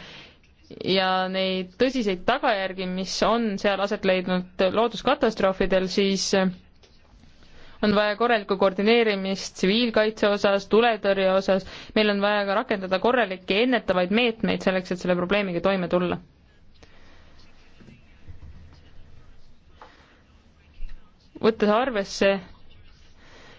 ja neid tõsiseid tagajärgi, mis on seal aset leidnud looduskatastroofidel, siis on vaja korralikku koordineerimist tsiviilkaitse osas, tuletõrje osas, meil on vaja ka rakendada korralikke ennetavaid meetmeid selleks, et selle probleemiga toime tulla võttes arvesse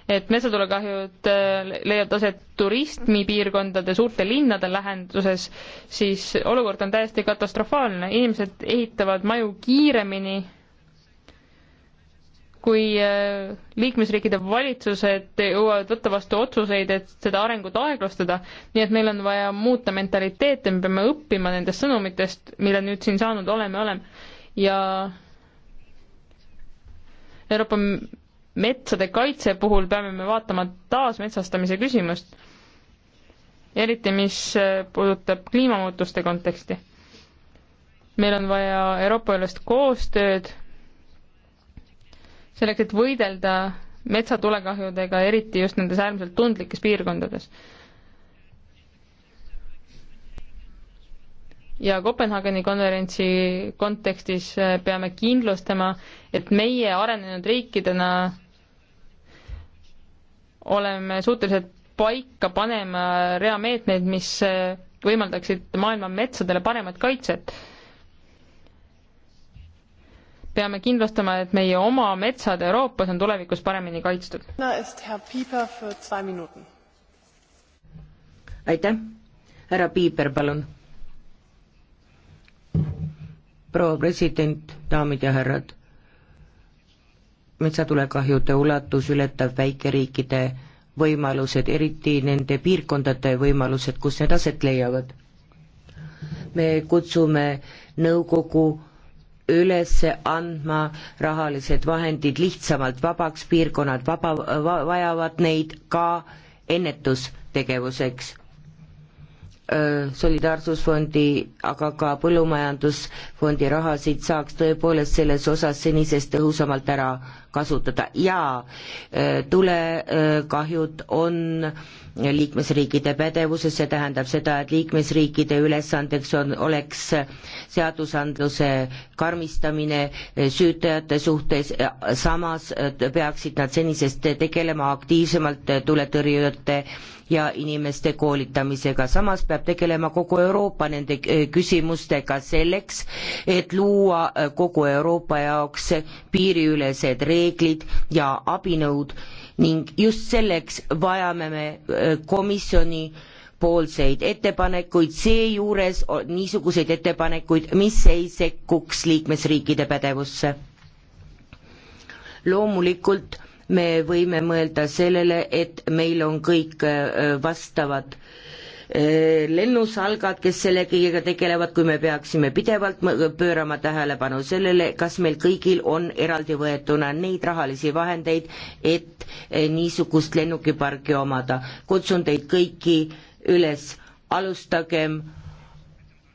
et metsatulekahjud äh, leiavad aset turismipiirkondade, suurte linnade lähenduses, siis olukord on täiesti katastrofaalne, inimesed ehitavad maju kiiremini, kui äh, liikmesriikide valitsused jõuavad võtta vastu otsuseid, et seda arengut aeglustada, nii et meil on vaja muuta mentaliteete, me peame õppima nendest sõnumitest, mille nüüd siin saanud oleme, oleme ja Euroopa metsade kaitse puhul peame me vaatama taasmetsastamise küsimust, eriti mis äh, puudutab kliimamuutuste konteksti. meil on vaja Euroopa-ülest koostööd selleks, et võidelda metsatulekahjudega, eriti just nendes äärmiselt tundlikes piirkondades. ja Kopenhaageni konverentsi kontekstis äh, peame kindlustama, et meie arenenud riikidena oleme suutelised paika panema rea meetmeid, mis eh, võimaldaksid maailma metsadele paremat kaitset. peame kindlustama, et meie oma metsad Euroopas on tulevikus paremini kaitstud. aitäh, härra Piiper, palun. proua president, daamid ja härrad metsatulekahjude ulatus ületab väikeriikide võimalused, eriti nende piirkondade võimalused, kus need aset leiavad. me kutsume nõukogu üles andma rahalised vahendid lihtsamalt vabaks, piirkonnad vaba va,, vajavad neid ka ennetustegevuseks. Solidaarsusfondi, aga ka Põllumajandusfondi rahasid saaks tõepoolest selles osas senisest tõhusamalt ära kasutada ja äh, tulekahjud on liikmesriikide pädevuses, see tähendab seda, et liikmesriikide ülesandeks on, oleks seadusandluse karmistamine äh, süütajate suhtes, samas äh, peaksid nad senisest tegelema aktiivsemalt tuletõrjujate ja inimeste koolitamisega, samas peab tegelema kogu Euroopa nende küsimustega selleks, et luua kogu Euroopa jaoks piiriülesed reeglid, reeglid ja abinõud ning just selleks vajame me äh, komisjoni poolseid ettepanekuid, seejuures niisuguseid ettepanekuid, mis ei sekkuks liikmesriikide pädevusse. loomulikult me võime mõelda sellele, et meil on kõik äh, vastavad äh, Eh, lennusalgad, kes selle kõigega tegelevad, kui me peaksime pidevalt pöörama tähelepanu sellele, kas meil kõigil on eraldivõetuna neid rahalisi vahendeid, et eh, niisugust lennukiparki omada. kutsun teid kõiki üles, alustagem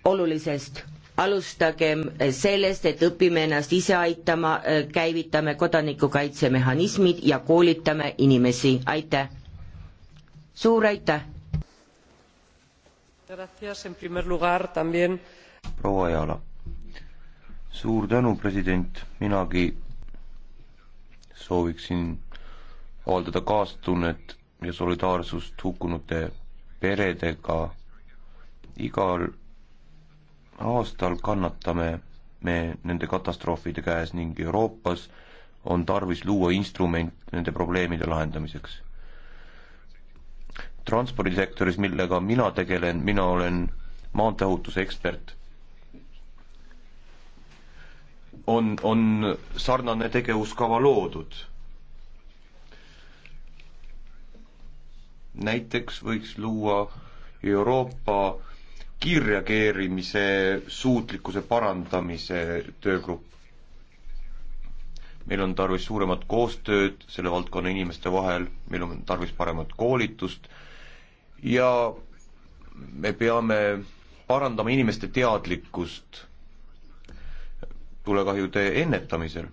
olulisest alustagem eh, sellest, et õpime ennast ise aitama, käivitame kodanikukaitsemehhanismid ja koolitame inimesi, aitäh! suur aitäh! proua Ajala. suur tänu, president, minagi sooviksin avaldada kaastunnet ja solidaarsust hukkunute peredega. igal aastal kannatame me nende katastroofide käes ning Euroopas on tarvis luua instrument nende probleemide lahendamiseks transpordisektoris, millega mina tegelen, mina olen maanteeohutuse ekspert, on, on sarnane tegevuskava loodud. näiteks võiks luua Euroopa kiirreageerimise suutlikkuse parandamise töögrupp. meil on tarvis suuremat koostööd selle valdkonna inimeste vahel, meil on tarvis paremat koolitust, ja me peame parandama inimeste teadlikkust tulekahjude ennetamisel.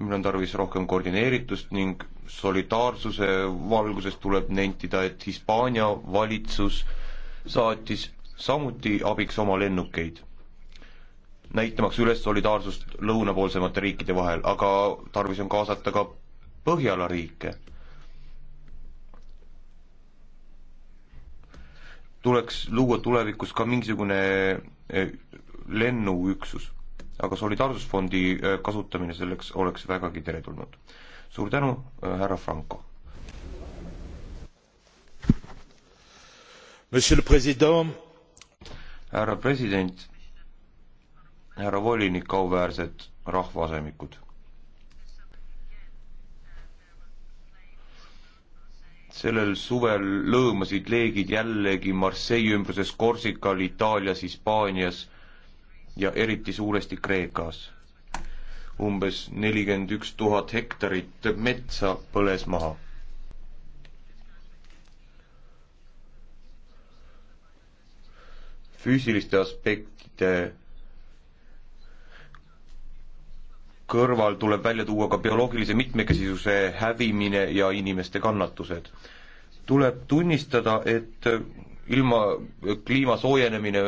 meil on tarvis rohkem koordineeritust ning solidaarsuse valguses tuleb nentida, et Hispaania valitsus saatis samuti abiks oma lennukeid, näitamaks üles solidaarsust lõunapoolsemate riikide vahel, aga tarvis on kaasata ka Põhjala riike tuleks luua tulevikus ka mingisugune eh, lennuüksus, aga solidaarsusfondi eh, kasutamine selleks oleks vägagi teretulnud. suur tänu, eh, härra Franco. härra president, härra volinik, auväärsed rahvaasemikud sellel suvel lõõmasid leegid jällegi Marseille ümbruses Korsikal, Itaalias, Hispaanias ja eriti suuresti Kreekas. umbes nelikümmend üks tuhat hektarit metsa põles maha. füüsiliste aspektide kõrval tuleb välja tuua ka bioloogilise mitmekesisuse hävimine ja inimeste kannatused. tuleb tunnistada, et ilma, kliima soojenemine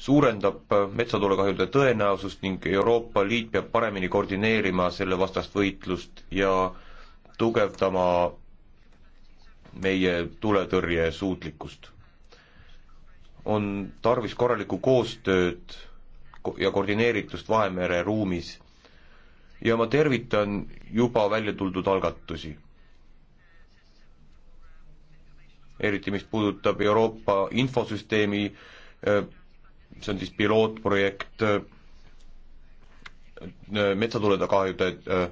suurendab metsatulekahjude tõenäosust ning Euroopa Liit peab paremini koordineerima selle vastast võitlust ja tugevdama meie tuletõrje suutlikkust. on tarvis korralikku koostööd ja koordineeritust Vahemere ruumis ja ma tervitan juba välja tuldud algatusi. eriti, mis puudutab Euroopa infosüsteemi, äh, see on siis pilootprojekt äh, metsatulede kahjude äh,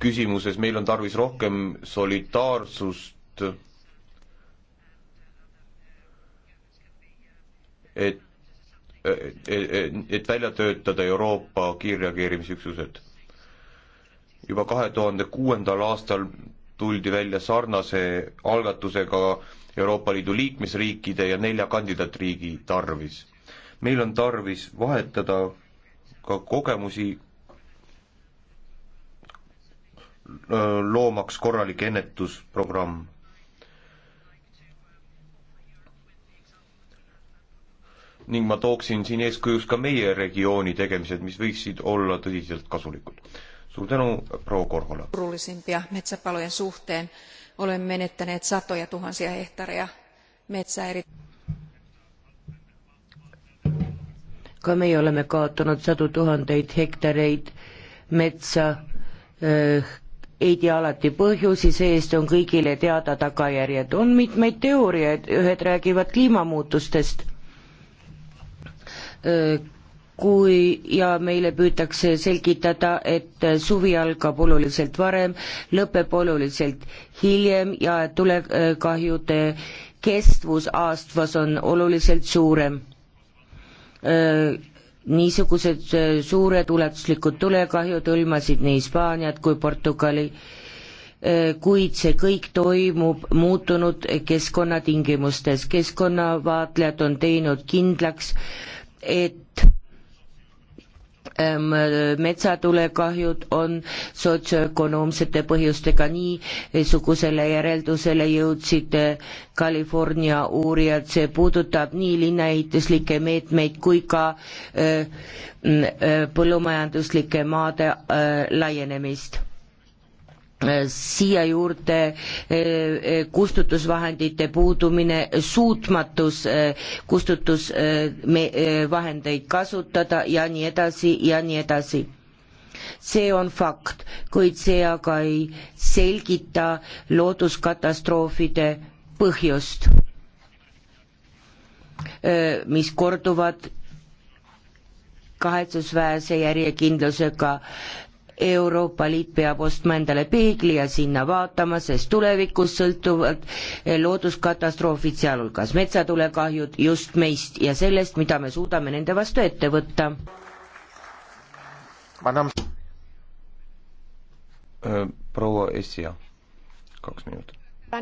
küsimuses, meil on tarvis rohkem solidaarsust, et et, et välja töötada Euroopa kiirreageerimisüksused juba kahe tuhande kuuendal aastal tuldi välja sarnase algatusega Euroopa Liidu liikmesriikide ja nelja kandidaatriigi tarvis. meil on tarvis vahetada ka kogemusi, äh, loomaks korralik ennetusprogramm ning ma tooksin siin eeskujuks ka meie regiooni tegemised, mis võiksid olla tõsiselt kasulikud suur tänu, proua Korhola. surullisimpia metsäpalojen suhteen olemme menettäneet satoja tuhansia hehtaareja metsää eri ka meie oleme kaotanud sadu tuhandeid hektareid metsa äh, ei tea alati põhjusi, see-eest on kõigile teada tagajärjed. on mitmeid teooriaid, ühed räägivad kliimamuutustest äh,, kui ja meile püütakse selgitada, et suvi algab oluliselt varem, lõpeb oluliselt hiljem ja tulekahjude kestvus aastas on oluliselt suurem. niisugused suured ulatuslikud tulekahjud hõlmasid nii Hispaaniat kui Portugali, kuid see kõik toimub muutunud keskkonnatingimustes. keskkonnavaatlejad on teinud kindlaks, et Ehm, metsatulekahjud on sotsioökonoomsete põhjustega, niisugusele järeldusele jõudsid eh, California uurijad, see puudutab nii linnaehituslikke meetmeid kui ka eh, mm, eh, põllumajanduslike maade laienemist siia juurde eh, eh, kustutusvahendite puudumine, suutmatus eh, kustutusvahendeid kasutada ja nii edasi ja nii edasi. see on fakt, kuid see aga ei selgita looduskatastroofide põhjust, mis korduvad kahetsusväärse järjekindlusega Euroopa Liit peab ostma endale peegli ja sinna vaatama, sest tulevikus sõltuvad eh, looduskatastroofid, sealhulgas metsatulekahjud, just meist ja sellest, mida me suudame nende vastu ette võtta. proua Essia, kaks minutit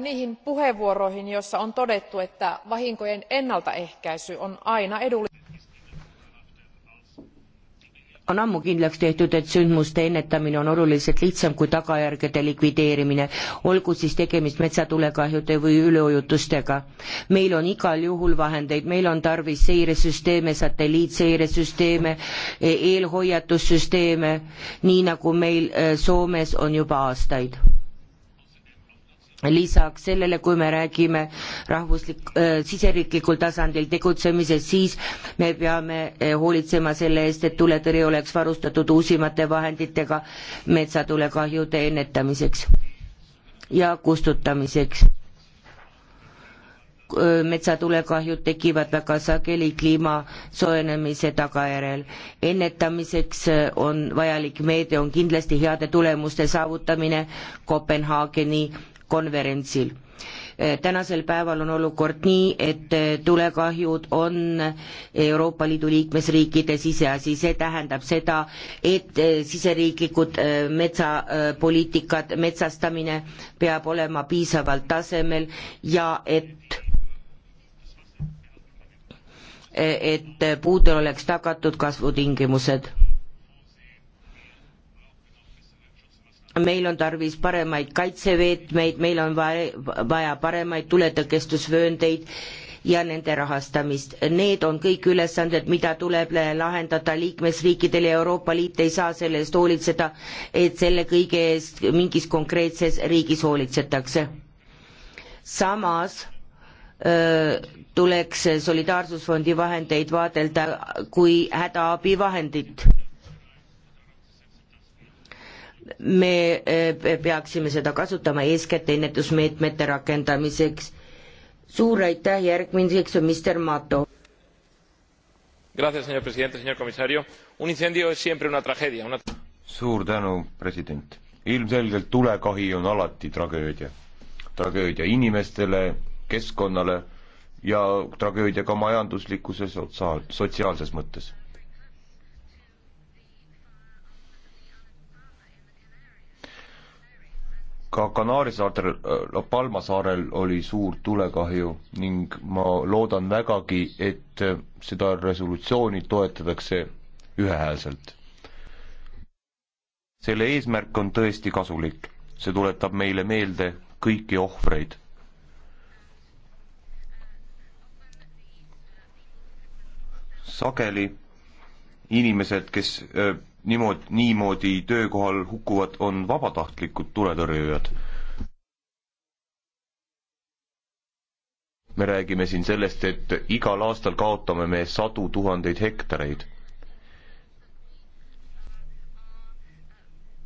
niihin puheenvuoroihin joissa on todettu että vahinkojen ennaltaehkäisy on aina edullista on ammu kindlaks tehtud, et sündmuste ennetamine on oluliselt lihtsam kui tagajärgede likvideerimine, olgu siis tegemist metsatulekahjude või üleujutustega. meil on igal juhul vahendeid, meil on tarvis seiresüsteeme, satelliitseiresüsteeme, e-, eelhoiatussüsteeme, nii nagu meil e, Soomes on juba aastaid lisaks sellele, kui me räägime rahvuslik äh,, siseriiklikul tasandil tegutsemisest, siis me peame äh, hoolitsema selle eest, et tuletõrje oleks varustatud uusimate vahenditega metsatulekahjude ennetamiseks ja kustutamiseks. Äh, metsatulekahjud tekivad väga sageli kliima soojenemise tagajärjel. ennetamiseks äh, on vajalik meede, on kindlasti heade tulemuste saavutamine Kopenhaageni konverentsil. Äh, tänasel päeval on olukord nii, et äh, tulekahjud on Euroopa Liidu liikmesriikide siseasi, see tähendab seda, et äh, siseriiklikud metsapoliitikad, metsastamine peab olema piisaval tasemel ja et et puudel oleks tagatud kasvutingimused meil on tarvis paremaid kaitseveetmeid, meil on vaja, vaja paremaid tuletõkestusvööndeid ja nende rahastamist. Need on kõik ülesanded, mida tuleb lahendada liikmesriikidel ja Euroopa Liit ei saa selle eest hoolitseda, et selle kõige eest mingis konkreetses riigis hoolitsetakse. samas öö, tuleks solidaarsusfondi vahendeid vaadelda kui hädaabivahendit me eh, peaksime seda kasutama eeskätt ennetusmeetmete rakendamiseks. suur aitäh, järgmiseks on minister Mato. Gracias, señor presidente, señor comisario. Un incendio es siempre una tragedia una.... suur tänu, president. ilmselgelt tulekahi on alati tragöödia. tragöödia inimestele, keskkonnale ja tragöödia ka majanduslikkuses, sotsiaalses mõttes ka Kanaari saartel, La äh, Palma saarel oli suur tulekahju ning ma loodan vägagi, et äh, seda resolutsiooni toetatakse ühehäälselt. selle eesmärk on tõesti kasulik, see tuletab meile meelde kõiki ohvreid. sageli inimesed, kes äh, niimoodi, niimoodi töökohal hukkuvad, on vabatahtlikud tuletõrjujad. me räägime siin sellest, et igal aastal kaotame me sadu tuhandeid hektareid.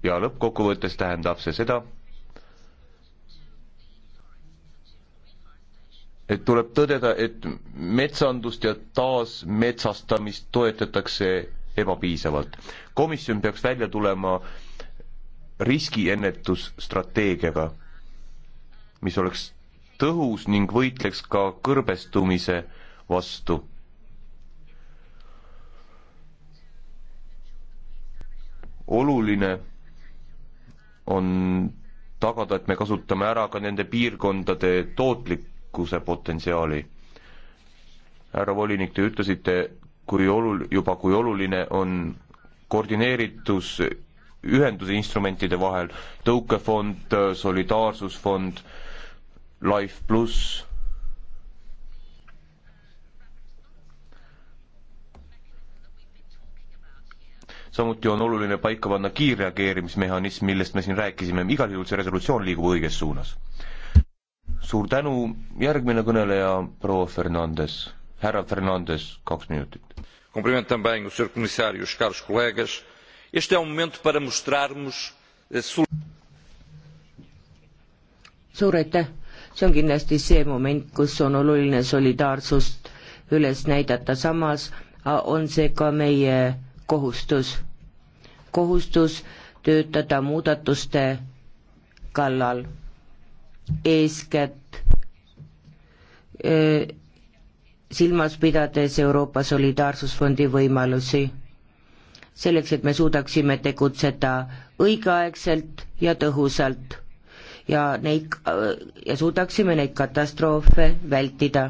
ja lõppkokkuvõttes tähendab see seda, et tuleb tõdeda, et metsandust ja taasmetsastamist toetatakse ebapiisavalt. komisjon peaks välja tulema riskiennetusstrateegiaga, mis oleks tõhus ning võitleks ka kõrbestumise vastu. oluline on tagada, et me kasutame ära ka nende piirkondade tootlikkuse potentsiaali. härra volinik, te ütlesite, kui olul-, juba kui oluline on koordineeritus ühenduse instrumentide vahel, tõukefond, solidaarsusfond, Life pluss, samuti on oluline paika panna kiirreageerimismehhanism, millest me siin rääkisime, igal juhul see resolutsioon liigub õiges suunas. suur tänu, järgmine kõneleja, proua Fernandes härra Fernandes, kaks minutit. Cumprimento também o Sr. Comissário e os caros colegas. Este é um momento para mostrarmos eh, suur aitäh, see on kindlasti see moment, kus on oluline solidaarsust üles näidata, samas on see ka meie kohustus, kohustus töötada muudatuste kallal, eeskätt öö, eh, silmas pidades Euroopa Solidaarsusfondi võimalusi. selleks, et me suudaksime tegutseda õigeaegselt ja tõhusalt ja neid, ja suudaksime neid katastroofe vältida.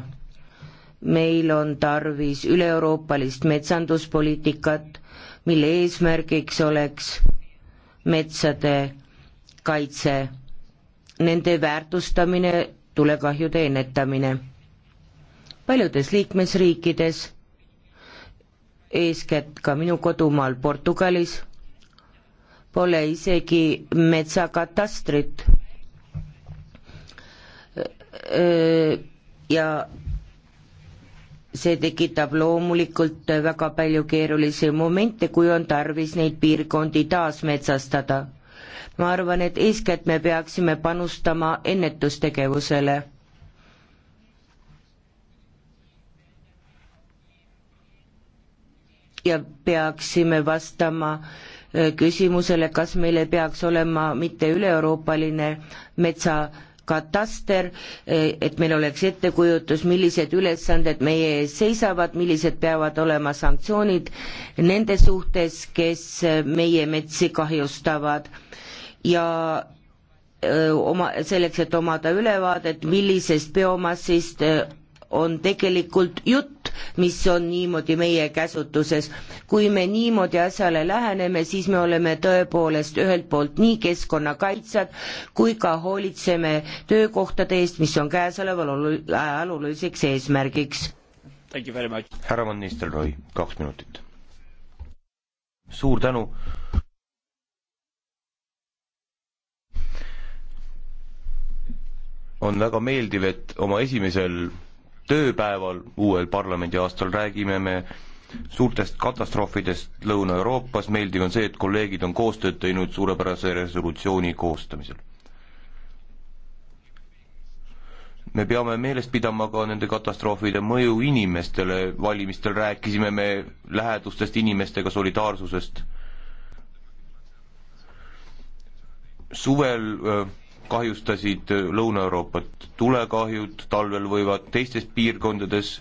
meil on tarvis üle-euroopalist metsanduspoliitikat, mille eesmärgiks oleks metsade kaitse, nende väärtustamine, tulekahjude ennetamine paljudes liikmesriikides, eeskätt ka minu kodumaal Portugalis, pole isegi metsakatastrit. ja see tekitab loomulikult väga palju keerulisi momente, kui on tarvis neid piirkondi taasmetsastada. ma arvan, et eeskätt me peaksime panustama ennetustegevusele ja peaksime vastama äh, küsimusele, kas meil ei peaks olema mitte üle-euroopaline metsakataster, äh, et meil oleks ettekujutus, millised ülesanded meie ees seisavad, millised peavad olema sanktsioonid nende suhtes, kes äh, meie metsi kahjustavad ja öö, oma, selleks, et omada ülevaadet, millisest biomassist öö, on tegelikult jutt, mis on niimoodi meie käsutuses. kui me niimoodi asjale läheneme, siis me oleme tõepoolest ühelt poolt nii keskkonnakaitsjad kui ka hoolitseme töökohtade eest, mis on käesoleval ajal oluliseks eesmärgiks. härra Van Nistelrooy, kaks minutit. suur tänu on väga meeldiv, et oma esimesel tööpäeval uuel parlamendiaastal räägime me suurtest katastroofidest Lõuna-Euroopas, meeldiv on see, et kolleegid on koostööd teinud suurepärase resolutsiooni koostamisel. me peame meeles pidama ka nende katastroofide mõju inimestele, valimistel rääkisime me lähedustest inimestega, solidaarsusest. suvel öö, kahjustasid Lõuna-Euroopat tulekahjud, talvel võivad teistes piirkondades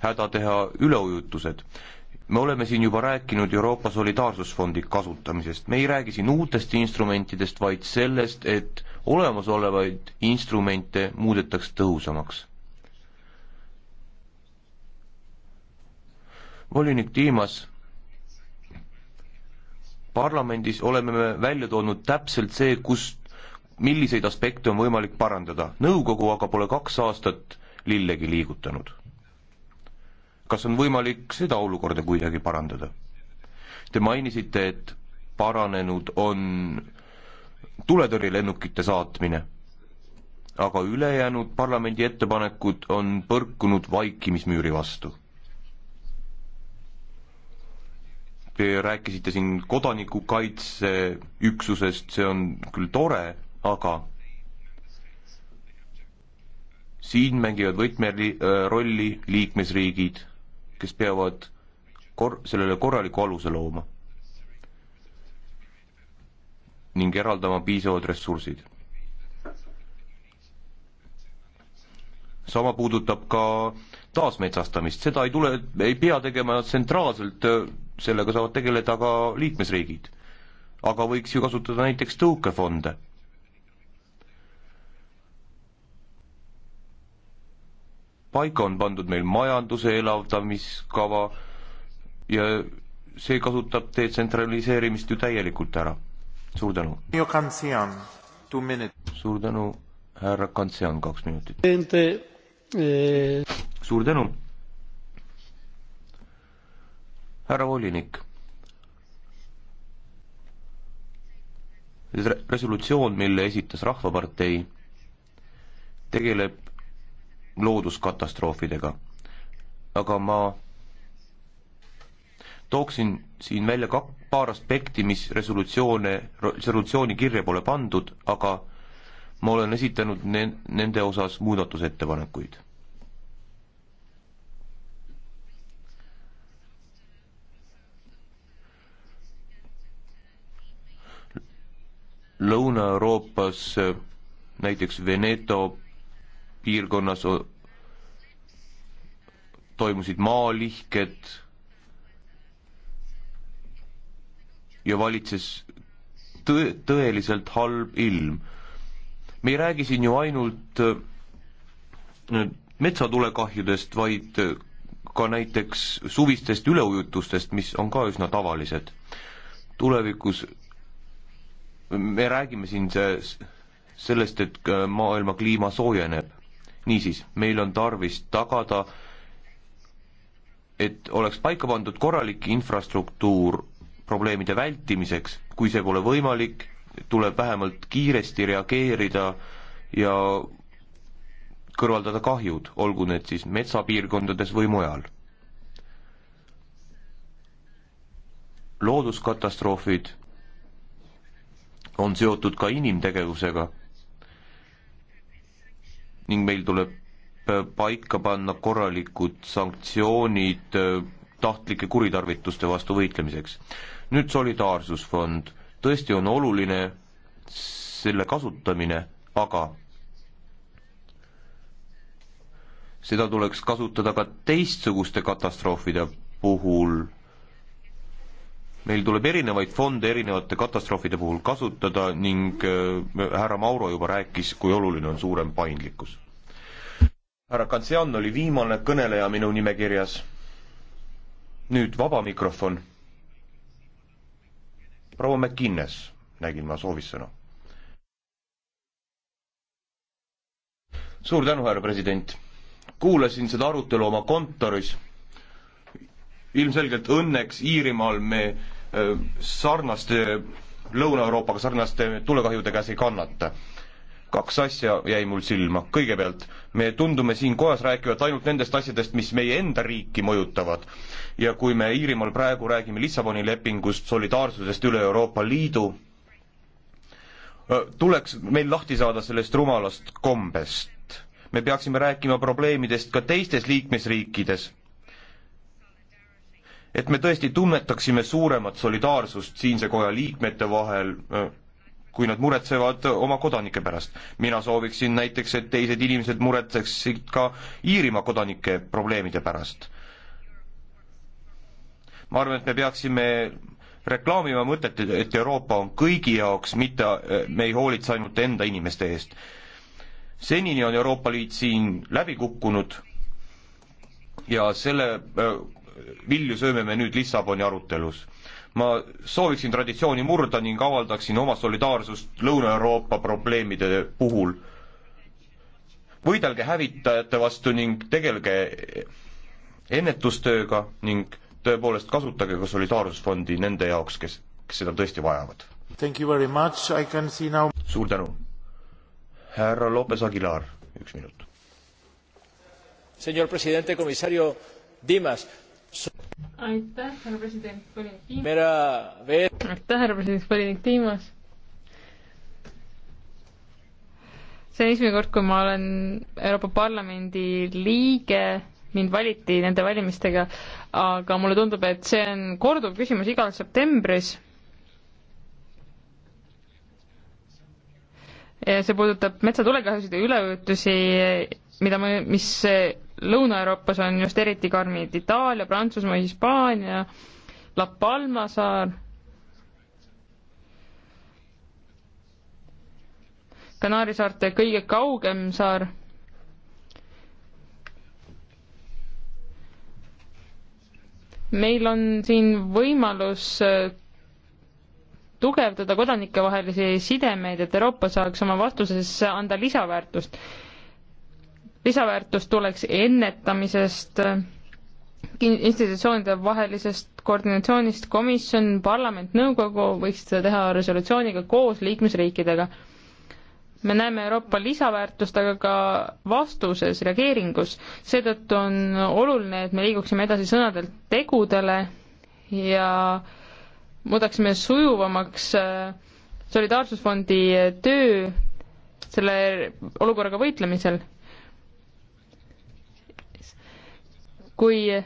häda teha üleujutused. me oleme siin juba rääkinud Euroopa Solidaarsusfondi kasutamisest, me ei räägi siin uutest instrumentidest, vaid sellest, et olemasolevaid instrumente muudetaks tõhusamaks. volinik Tiimas parlamendis oleme me välja toonud täpselt see, kus milliseid aspekte on võimalik parandada. nõukogu aga pole kaks aastat lillegi liigutanud. kas on võimalik seda olukorda kuidagi parandada? Te mainisite, et paranenud on tuletõrjelennukite saatmine, aga ülejäänud parlamendi ettepanekud on põrkunud vaikimismüüri vastu. Te rääkisite siin kodanikukaitseüksusest, see on küll tore aga siin mängivad võtmeri äh, rolli liikmesriigid, kes peavad kor-, sellele korraliku aluse looma ning eraldama piisavad ressursid. sama puudutab ka taasmetsastamist, seda ei tule, ei pea tegema tsentraalselt, äh, sellega saavad tegeleda ka liikmesriigid. aga võiks ju kasutada näiteks tõukefonde paika on pandud meil majanduse elavdamiskava ja see kasutab detsentraliseerimist ju täielikult ära. suur tänu. suur tänu, härra Kantsian, kaks minutit. Eh, suur tänu. härra volinik. resolutsioon, mille esitas Rahvapartei, tegeleb looduskatastroofidega. aga ma tooksin siin välja ka paar aspekti, mis resolutsioone, resolutsiooni kirja pole pandud, aga ma olen esitanud ne-, nende osas muudatusettepanekuid. Lõuna-Euroopas näiteks Veneto piirkonnas toimusid maalihked ja valitses tõ-, tõeliselt halb ilm. me ei räägi siin ju ainult äh, metsatulekahjudest, vaid äh, ka näiteks suvistest üleujutustest, mis on ka üsna tavalised. tulevikus me räägime siin sellest, et äh, maailma kliima soojeneb niisiis, meil on tarvis tagada, et oleks paika pandud korralik infrastruktuur probleemide vältimiseks, kui see pole võimalik, tuleb vähemalt kiiresti reageerida ja kõrvaldada kahjud, olgu need siis metsapiirkondades või mujal. looduskatastroofid on seotud ka inimtegevusega ning meil tuleb äh, paika panna korralikud sanktsioonid äh, tahtlike kuritarvituste vastu võitlemiseks. nüüd solidaarsusfond, tõesti on oluline selle kasutamine, aga seda tuleks kasutada ka teistsuguste katastroofide puhul meil tuleb erinevaid fonde erinevate katastroofide puhul kasutada ning äh, härra Mauro juba rääkis, kui oluline on suurem paindlikkus. härra Kantsian oli viimane kõneleja minu nimekirjas. nüüd vaba mikrofon. proua McInnes, nägin ma soovis sõna. suur tänu, härra president. kuulasin seda arutelu oma kontoris ilmselgelt õnneks Iirimaal me äh, sarnaste, Lõuna-Euroopaga sarnaste tulekahjude käes ei kannata. kaks asja jäi mul silma, kõigepealt me tundume siin kojas rääkivat ainult nendest asjadest, mis meie enda riiki mõjutavad. ja kui me Iirimaal praegu räägime Lissaboni lepingust, solidaarsusest üle Euroopa Liidu, äh, tuleks meil lahti saada sellest rumalast kombest. me peaksime rääkima probleemidest ka teistes liikmesriikides et me tõesti tunnetaksime suuremat solidaarsust siinse koja liikmete vahel, äh, kui nad muretsevad oma kodanike pärast. mina sooviksin näiteks, et teised inimesed muretseksid ka Iirimaa kodanike probleemide pärast. ma arvan, et me peaksime reklaamima mõtet, et Euroopa on kõigi jaoks, mitte äh, me ei hoolitse ainult enda inimeste eest. senini on Euroopa Liit siin läbi kukkunud ja selle äh, vilju sööme me nüüd Lissaboni arutelus. ma sooviksin traditsiooni murda ning avaldaksin oma solidaarsust Lõuna-Euroopa probleemide puhul. võidelge hävitajate vastu ning tegelge ennetustööga ning tõepoolest kasutage ka solidaarsusfondi nende jaoks, kes, kes seda tõesti vajavad. Now... suur tänu. härra Lopez Aguilar, üks minut. Señor presidente, comisario Dimas aitäh, härra president, volinik Tiimas. aitäh, härra president, volinik Tiimas. see on esimene kord, kui ma olen Euroopa Parlamendi liige, mind valiti nende valimistega, aga mulle tundub, et see on korduv küsimus igal septembris. ja see puudutab metsatulekahjusid ja üleujutusi, mida me, mis Lõuna-Euroopas on just eriti karmid Itaalia, Prantsusmaa, Hispaania, La Palma saar. Kanaari saarte kõige kaugem saar. meil on siin võimalus äh, tugevdada kodanikevahelisi sidemeid, et Euroopa saaks oma vastuses anda lisaväärtust lisaväärtus tuleks ennetamisest, institutsioonide vahelisest koordinatsioonist, komisjon, parlament, nõukogu võiks seda teha resolutsiooniga koos liikmesriikidega. me näeme Euroopa lisaväärtust, aga ka vastuses, reageeringus, seetõttu on oluline, et me liiguksime edasi sõnadelt tegudele ja muudaksime sujuvamaks äh, solidaarsusfondi töö selle olukorraga võitlemisel kui äh,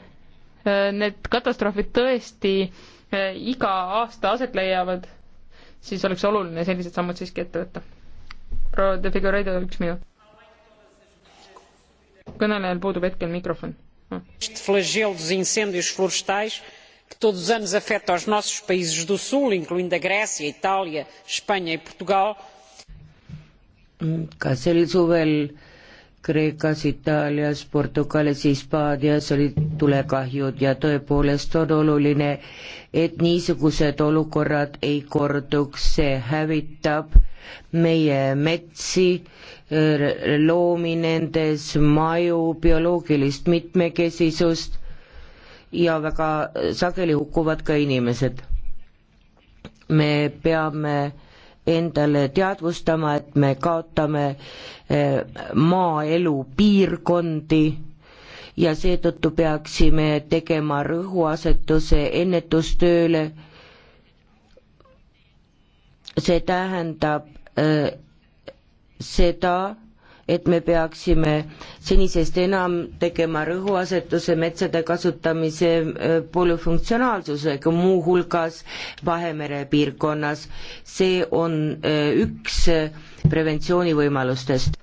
need katastroofid tõesti äh, iga aasta aset leiavad, siis oleks oluline sellised sammud siiski ette võtta. proua De Figueiredo, üks minut. kõnelejal puudub hetkel mikrofon ah. flagelo dos incêndios florestais que todos os anos afeta os nossos países do sul incluindo a grécia a itália a espanha e portugal ka sel suvel Kreekas, Itaalias, Portugalis, Hispaanias olid tulekahjud ja tõepoolest on oluline, et niisugused olukorrad ei korduks, see hävitab meie metsi, loomi nendes, maju, bioloogilist mitmekesisust ja väga sageli hukkuvad ka inimesed. me peame endale teadvustama, et me kaotame eh, maaelu piirkondi ja seetõttu peaksime tegema rõhuasetuse ennetustööle. see tähendab eh, seda, et me peaksime senisest enam tegema rõhuasetuse metsade kasutamise äh, polüfunktsionaalsusega, muuhulgas Vahemere piirkonnas. see on äh, üks äh, preventsioonivõimalustest.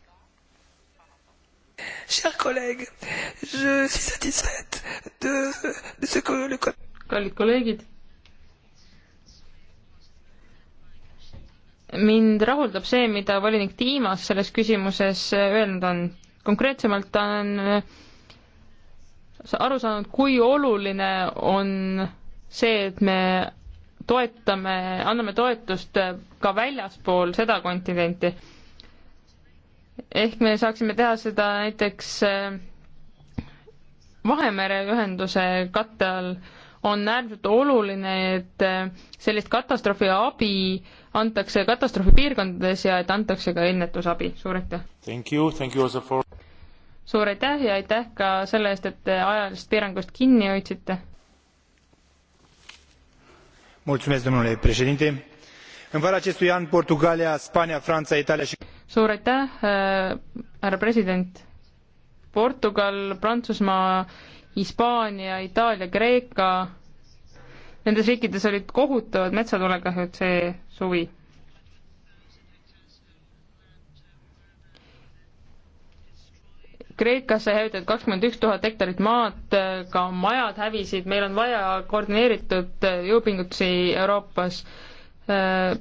kallid kolleegid mind rahuldab see, mida volinik Tiimas selles küsimuses öelnud on. konkreetsemalt ta on äh, aru saanud, kui oluline on see, et me toetame, anname toetust äh, ka väljaspool seda kontinenti. ehk me saaksime teha seda näiteks äh, Vahemere ühenduse katte all on äärmiselt oluline, et sellist katastroofi abi äh, antakse katastroofipiirkondades ja et antakse ka ennetusabi. suur aitäh! For... suur aitäh ja aitäh ka selle eest, et te ajalisest piirangust kinni hoidsite. în vara acestui an portugalia spania frana italia i suur aitäh äh, härra president portugal prantsusmaa hispaania itaalia kreeka nendes riikides olid kohutavad metsatulekahjud see suvi. Kreekasse hävitati kakskümmend üks tuhat hektarit maad, ka majad hävisid, meil on vaja koordineeritud jõupingutusi Euroopas.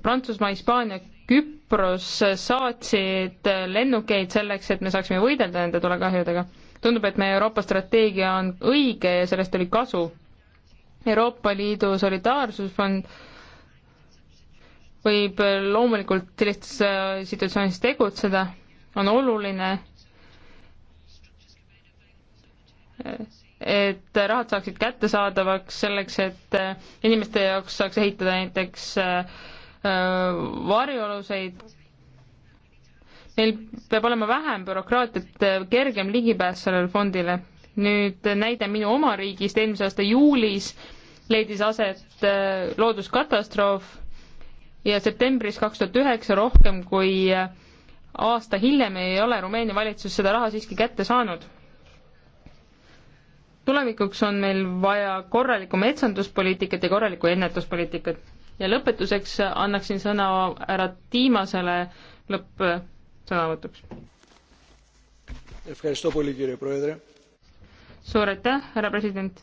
Prantsusmaa, Hispaania, Küpros saatsid lennukeid selleks, et me saaksime võidelda nende tulekahjudega. tundub, et meie Euroopa strateegia on õige ja sellest oli kasu Euroopa Liidu solidaarsusfond võib loomulikult sellistes äh, situatsioonides tegutseda, on oluline, äh, et rahad saaksid kättesaadavaks selleks, et äh, inimeste jaoks saaks ehitada näiteks varjualuseid. Neil peab olema vähem bürokraatiat, kergem ligipääs sellele fondile nüüd näide minu oma riigist, eelmise aasta juulis leidis aset äh, looduskatastroof ja septembris kaks tuhat üheksa rohkem kui äh, aasta hiljem ei ole Rumeenia valitsus seda raha siiski kätte saanud. tulevikuks on meil vaja korralikku metsanduspoliitikat ja korralikku ennetuspoliitikat. ja lõpetuseks annaksin sõna härra Tiimasele lõppsõnavõtuks suur aitäh, härra president.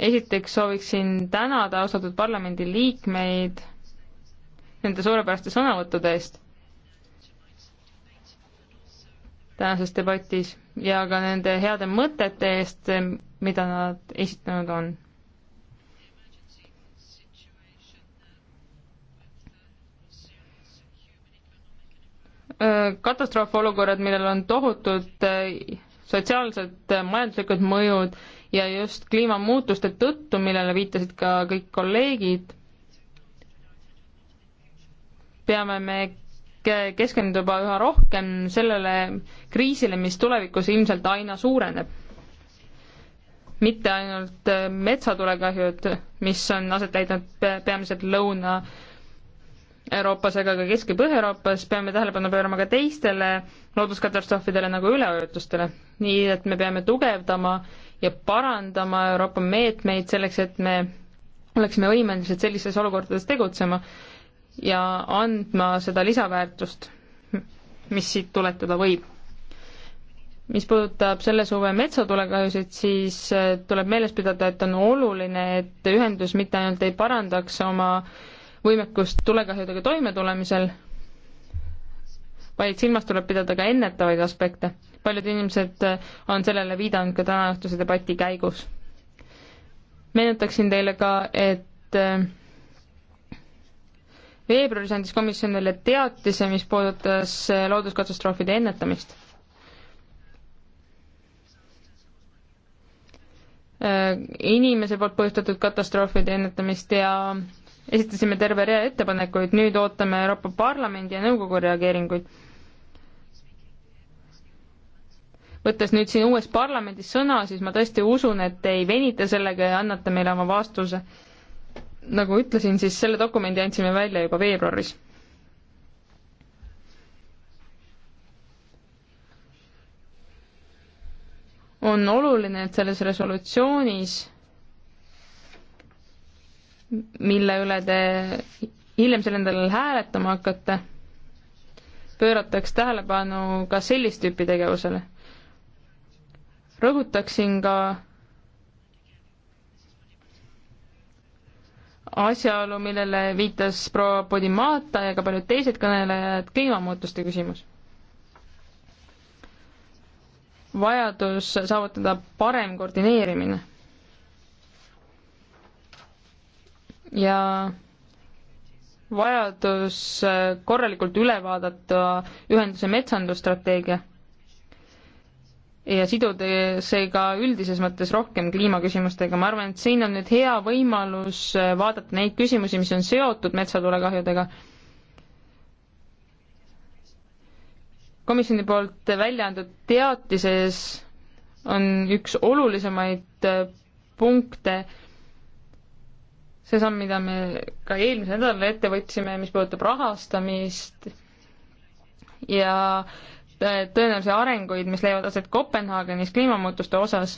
esiteks sooviksin tänada austatud parlamendi liikmeid nende suurepäraste sõnavõttude eest tänases debatis ja ka nende heade mõtete eest, mida nad esitanud on katastroofiolukorrad, millel on tohutud äh, sotsiaalsed, äh, majanduslikud mõjud ja just kliimamuutuste tõttu, millele viitasid ka kõik kolleegid, peame me keskenduma üha rohkem sellele kriisile, mis tulevikus ilmselt aina suureneb. mitte ainult äh, metsatulekahjud, mis on aset leidnud peamiselt lõuna Euroopas, aga ka Kesk- ja Põhja-Euroopas peame tähelepanu pöörama ka teistele looduskatastroofidele nagu üleujutustele. nii et me peame tugevdama ja parandama Euroopa meetmeid selleks, et me oleksime võimelised sellistes olukordades tegutsema ja andma seda lisaväärtust, mis siit tuletada võib. mis puudutab selle suve metsatulekahjusid, siis eh, tuleb meeles pidada, et on oluline, et ühendus mitte ainult ei parandaks oma äh, võimekust tulekahjudega toimetulemisel, vaid silmas tuleb pidada ka ennetavaid aspekte. paljud inimesed äh, on sellele viidanud ka tänaõhtuse debati käigus. meenutaksin teile ka, et äh, veebruaris andis komisjon meile teatise, mis puudutas äh, looduskatastroofide ennetamist. inimese poolt põhjustatud katastroofide ennetamist ja esitasime terve rea ettepanekuid, nüüd ootame Euroopa Parlamendi ja nõukogu reageeringuid. võttes nüüd siin uues parlamendis sõna, siis ma tõesti usun, et te ei venita sellega ja annate meile oma vastuse. nagu ütlesin, siis selle dokumendi andsime välja juba veebruaris. on oluline, et selles resolutsioonis mille üle te hiljem sel endal hääletama hakkate, pöörataks tähelepanu ka sellist tüüpi tegevusele. rõhutaksin ka asjaolu, millele viitas proua Podimata ja ka paljud teised kõnelejad, kliimamuutuste küsimus. vajadus saavutada parem koordineerimine ja vajadus äh, korralikult üle vaadata ühenduse metsandusstrateegia ja siduda see ka üldises mõttes rohkem kliimaküsimustega. ma arvan, et siin on nüüd hea võimalus äh, vaadata neid küsimusi, mis on seotud metsatulekahjudega. komisjoni poolt välja antud teatises on üks olulisemaid äh, punkte, see samm, mida me ka eelmisel nädalal ette võtsime, mis puudutab rahastamist ja äh, tõenäolisi arenguid, mis leiavad aset Kopenhaagenis kliimamuutuste osas.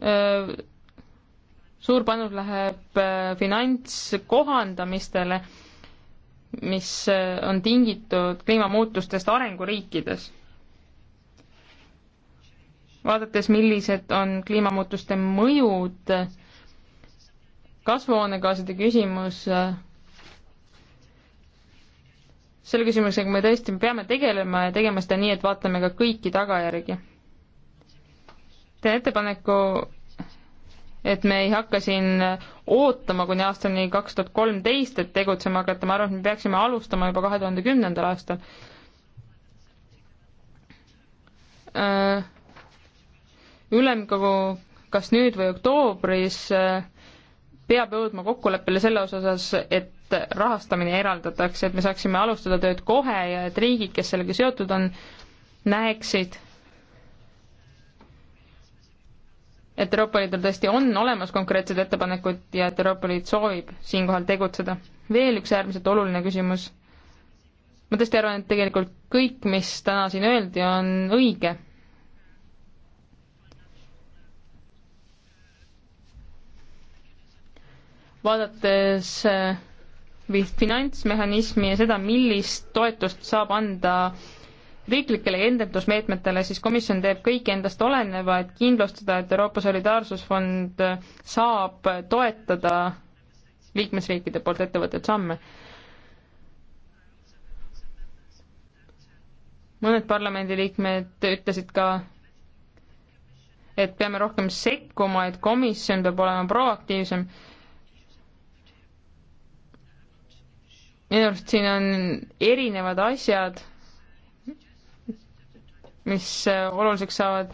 Äh, suur panus läheb äh, finantskohandamistele, mis on tingitud kliimamuutustest arenguriikides vaadates, millised on kliimamuutuste mõjud, kasvuhoonegaaside küsimus, selle küsimusega me tõesti peame tegelema ja tegema seda nii, et vaatame ka kõiki tagajärgi. teen ettepaneku, et me ei hakka siin ootama kuni aastani kaks tuhat kolmteist, et tegutsema hakata, ma arvan, et me peaksime alustama juba kahe tuhande kümnendal aastal äh, ülemkogu kas nüüd või oktoobris äh, peab jõudma kokkuleppele selle osas, et rahastamine eraldatakse, et me saaksime alustada tööd kohe ja et riigid, kes sellega seotud on, näeksid, et Euroopa Liidul tõesti on olemas konkreetsed ettepanekud ja et Euroopa Liit soovib siinkohal tegutseda. veel üks äärmiselt oluline küsimus. ma tõesti arvan, et tegelikult kõik, mis täna siin öeldi, on õige vaadates äh, finantsmehhanismi ja seda, millist toetust saab anda riiklikele endendusmeetmetele, siis komisjon teeb kõik endast oleneva, et kindlustada, et Euroopa Solidaarsusfond saab toetada liikmesriikide poolt ette võetud samme. mõned parlamendiliikmed ütlesid ka, et peame rohkem sekkuma, et komisjon peab olema proaktiivsem minu arust siin on erinevad asjad, mis äh, oluliseks saavad.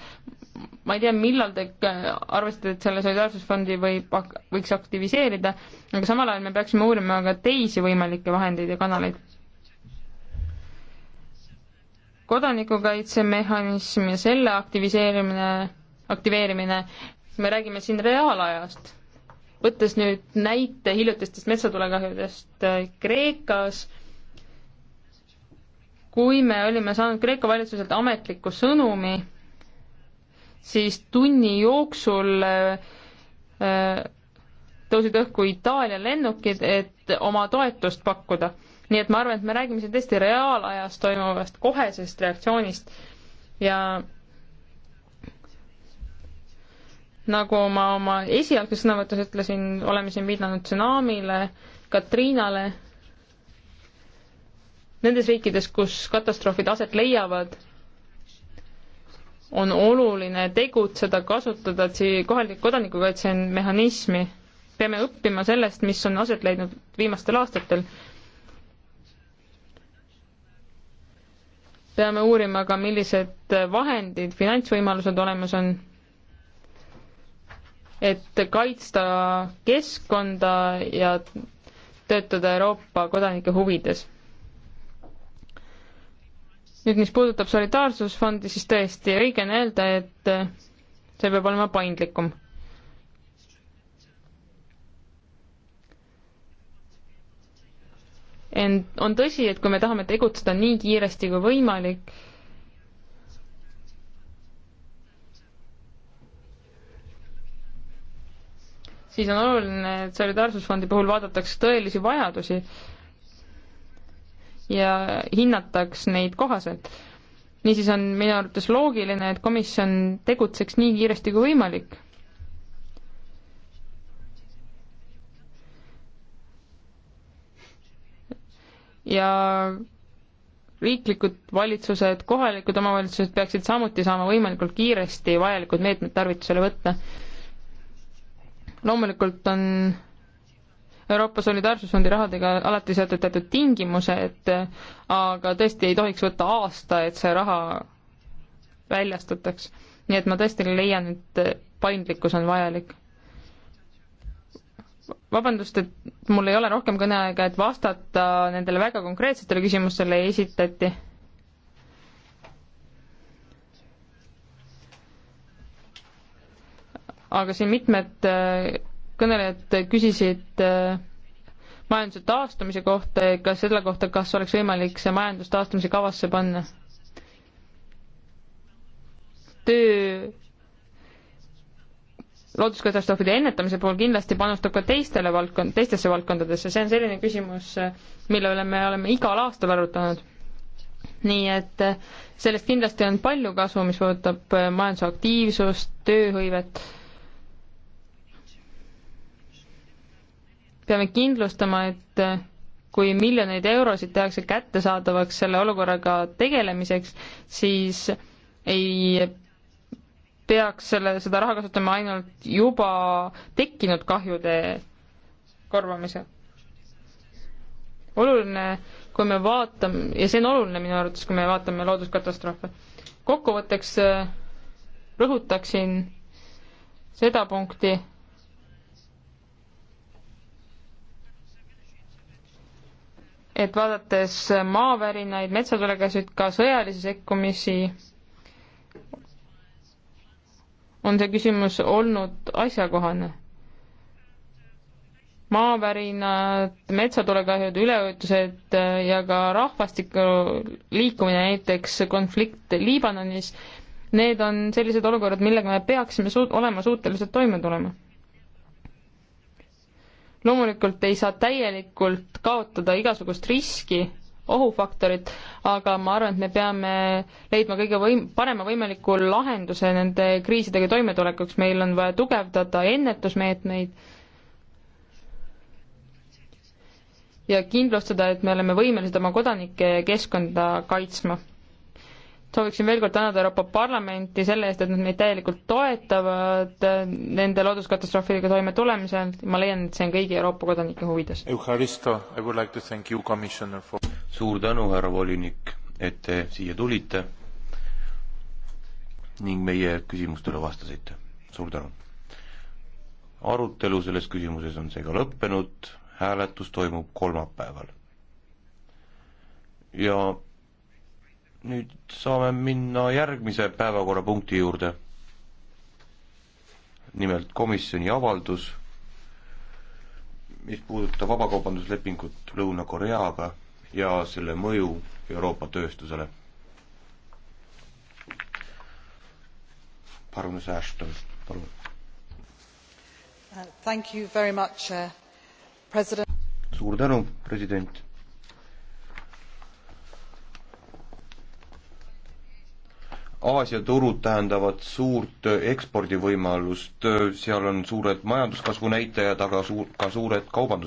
ma ei tea, millal te äh, arvestate, et selle solidaarsusfondi võib, võiks aktiviseerida, aga samal ajal me peaksime uurima ka teisi võimalikke vahendeid ja kanaleid. kodanikukaitsemehhanism ja selle aktiviseerimine, aktiveerimine, me räägime siin reaalajast võttes nüüd näite hiljutistest metsatulekahjudest äh, Kreekas, kui me olime saanud Kreeka valitsuselt ametliku sõnumi, siis tunni jooksul äh, äh, tõusid õhku Itaalia lennukid, et oma toetust pakkuda. nii et ma arvan, et me räägime siin tõesti reaalajas toimuvast kohesest reaktsioonist ja nagu ma oma esialgses sõnavõtus ütlesin, oleme siin viidanud tsunamile, Katriinale, nendes riikides, kus katastroofid aset leiavad, on oluline tegutseda, kasutada kohalik kodanikukaitsemehhanismi. peame õppima sellest, mis on aset leidnud viimastel aastatel. peame uurima ka, millised vahendid, finantsvõimalused olemas on et kaitsta keskkonda ja töötada Euroopa kodanike huvides. nüüd, mis puudutab solidaarsusfondi, siis tõesti õige on öelda, et see peab olema paindlikum ent on tõsi, et kui me tahame tegutseda nii kiiresti kui võimalik, siis on oluline, et Solidaarsusfondi puhul vaadatakse tõelisi vajadusi ja hinnataks neid kohaselt. niisiis on minu arvates loogiline, et komisjon tegutseks nii kiiresti kui võimalik. ja riiklikud valitsused, kohalikud omavalitsused peaksid samuti saama võimalikult kiiresti vajalikud meetmed tarvitusele võtta loomulikult on Euroopa Solidaarsusfondi rahadega alati seotud teatud tingimused, aga tõesti ei tohiks võtta aasta, et see raha väljastataks. nii et ma tõesti leian, et paindlikkus on vajalik. vabandust, et mul ei ole rohkem kõneaega, et vastata nendele väga konkreetsetele küsimustele esitati aga siin mitmed äh, kõnelejad küsisid äh, majanduse taastumise kohta ja ka selle kohta, kas oleks võimalik see majandus taastumise kavasse panna. töö looduskatastroofide ennetamise puhul kindlasti panustab ka teistele valdkond, teistesse valdkondadesse, see on selline küsimus, äh, mille üle me oleme igal aastal arutanud. nii et sellest kindlasti on palju kasu, mis puudutab majanduse aktiivsust, tööhõivet peame kindlustama, et äh, kui miljoneid eurosid tehakse kättesaadavaks selle olukorraga tegelemiseks, siis ei peaks selle, seda raha kasutama ainult juba tekkinud kahjude korvamisel. oluline, kui me vaatame, ja see on oluline minu arvates, kui me vaatame looduskatastroofe. kokkuvõtteks äh, rõhutaksin seda punkti, et vaadates maavärinaid, metsatulekahjusid, ka sõjalisi sekkumisi, on see küsimus olnud asjakohane. maavärinad, metsatulekahjud, üleujutused ja ka rahvastiku liikumine, näiteks konflikt Liibanonis, need on sellised olukorrad, millega me peaksime suut-, olema suutelised toime tulema loomulikult ei saa täielikult kaotada igasugust riski, ohufaktorit, aga ma arvan, et me peame leidma kõige võim-, parema võimaliku lahenduse nende kriisidega toimetulekuks, meil on vaja tugevdada ennetusmeetmeid ja kindlustada, et me oleme võimelised oma kodanikke ja keskkonda kaitsma sooviksin veel kord tänada Euroopa Parlamenti selle eest, et nad meid täielikult toetavad äh, nende looduskatastroofidega toime tulemisel. ma leian, et see on kõigi Euroopa kodanike huvides. Like for... suur tänu, härra volinik, et te siia tulite ning meie küsimustele vastasite. suur tänu. arutelu selles küsimuses on seega lõppenud, hääletus toimub kolmapäeval. ja nüüd saame minna järgmise päevakorrapunkti juurde. nimelt komisjoni avaldus, mis puudutab vabakaubanduslepingut Lõuna-Koreaga ja selle mõju Euroopa tööstusele. parunus Ashton, palun. Uh, suur tänu, president Aasia turud tähendavad suurt ekspordivõimalust, seal on suured majanduskasvu näitajad, aga suur, ka suured kaubandus-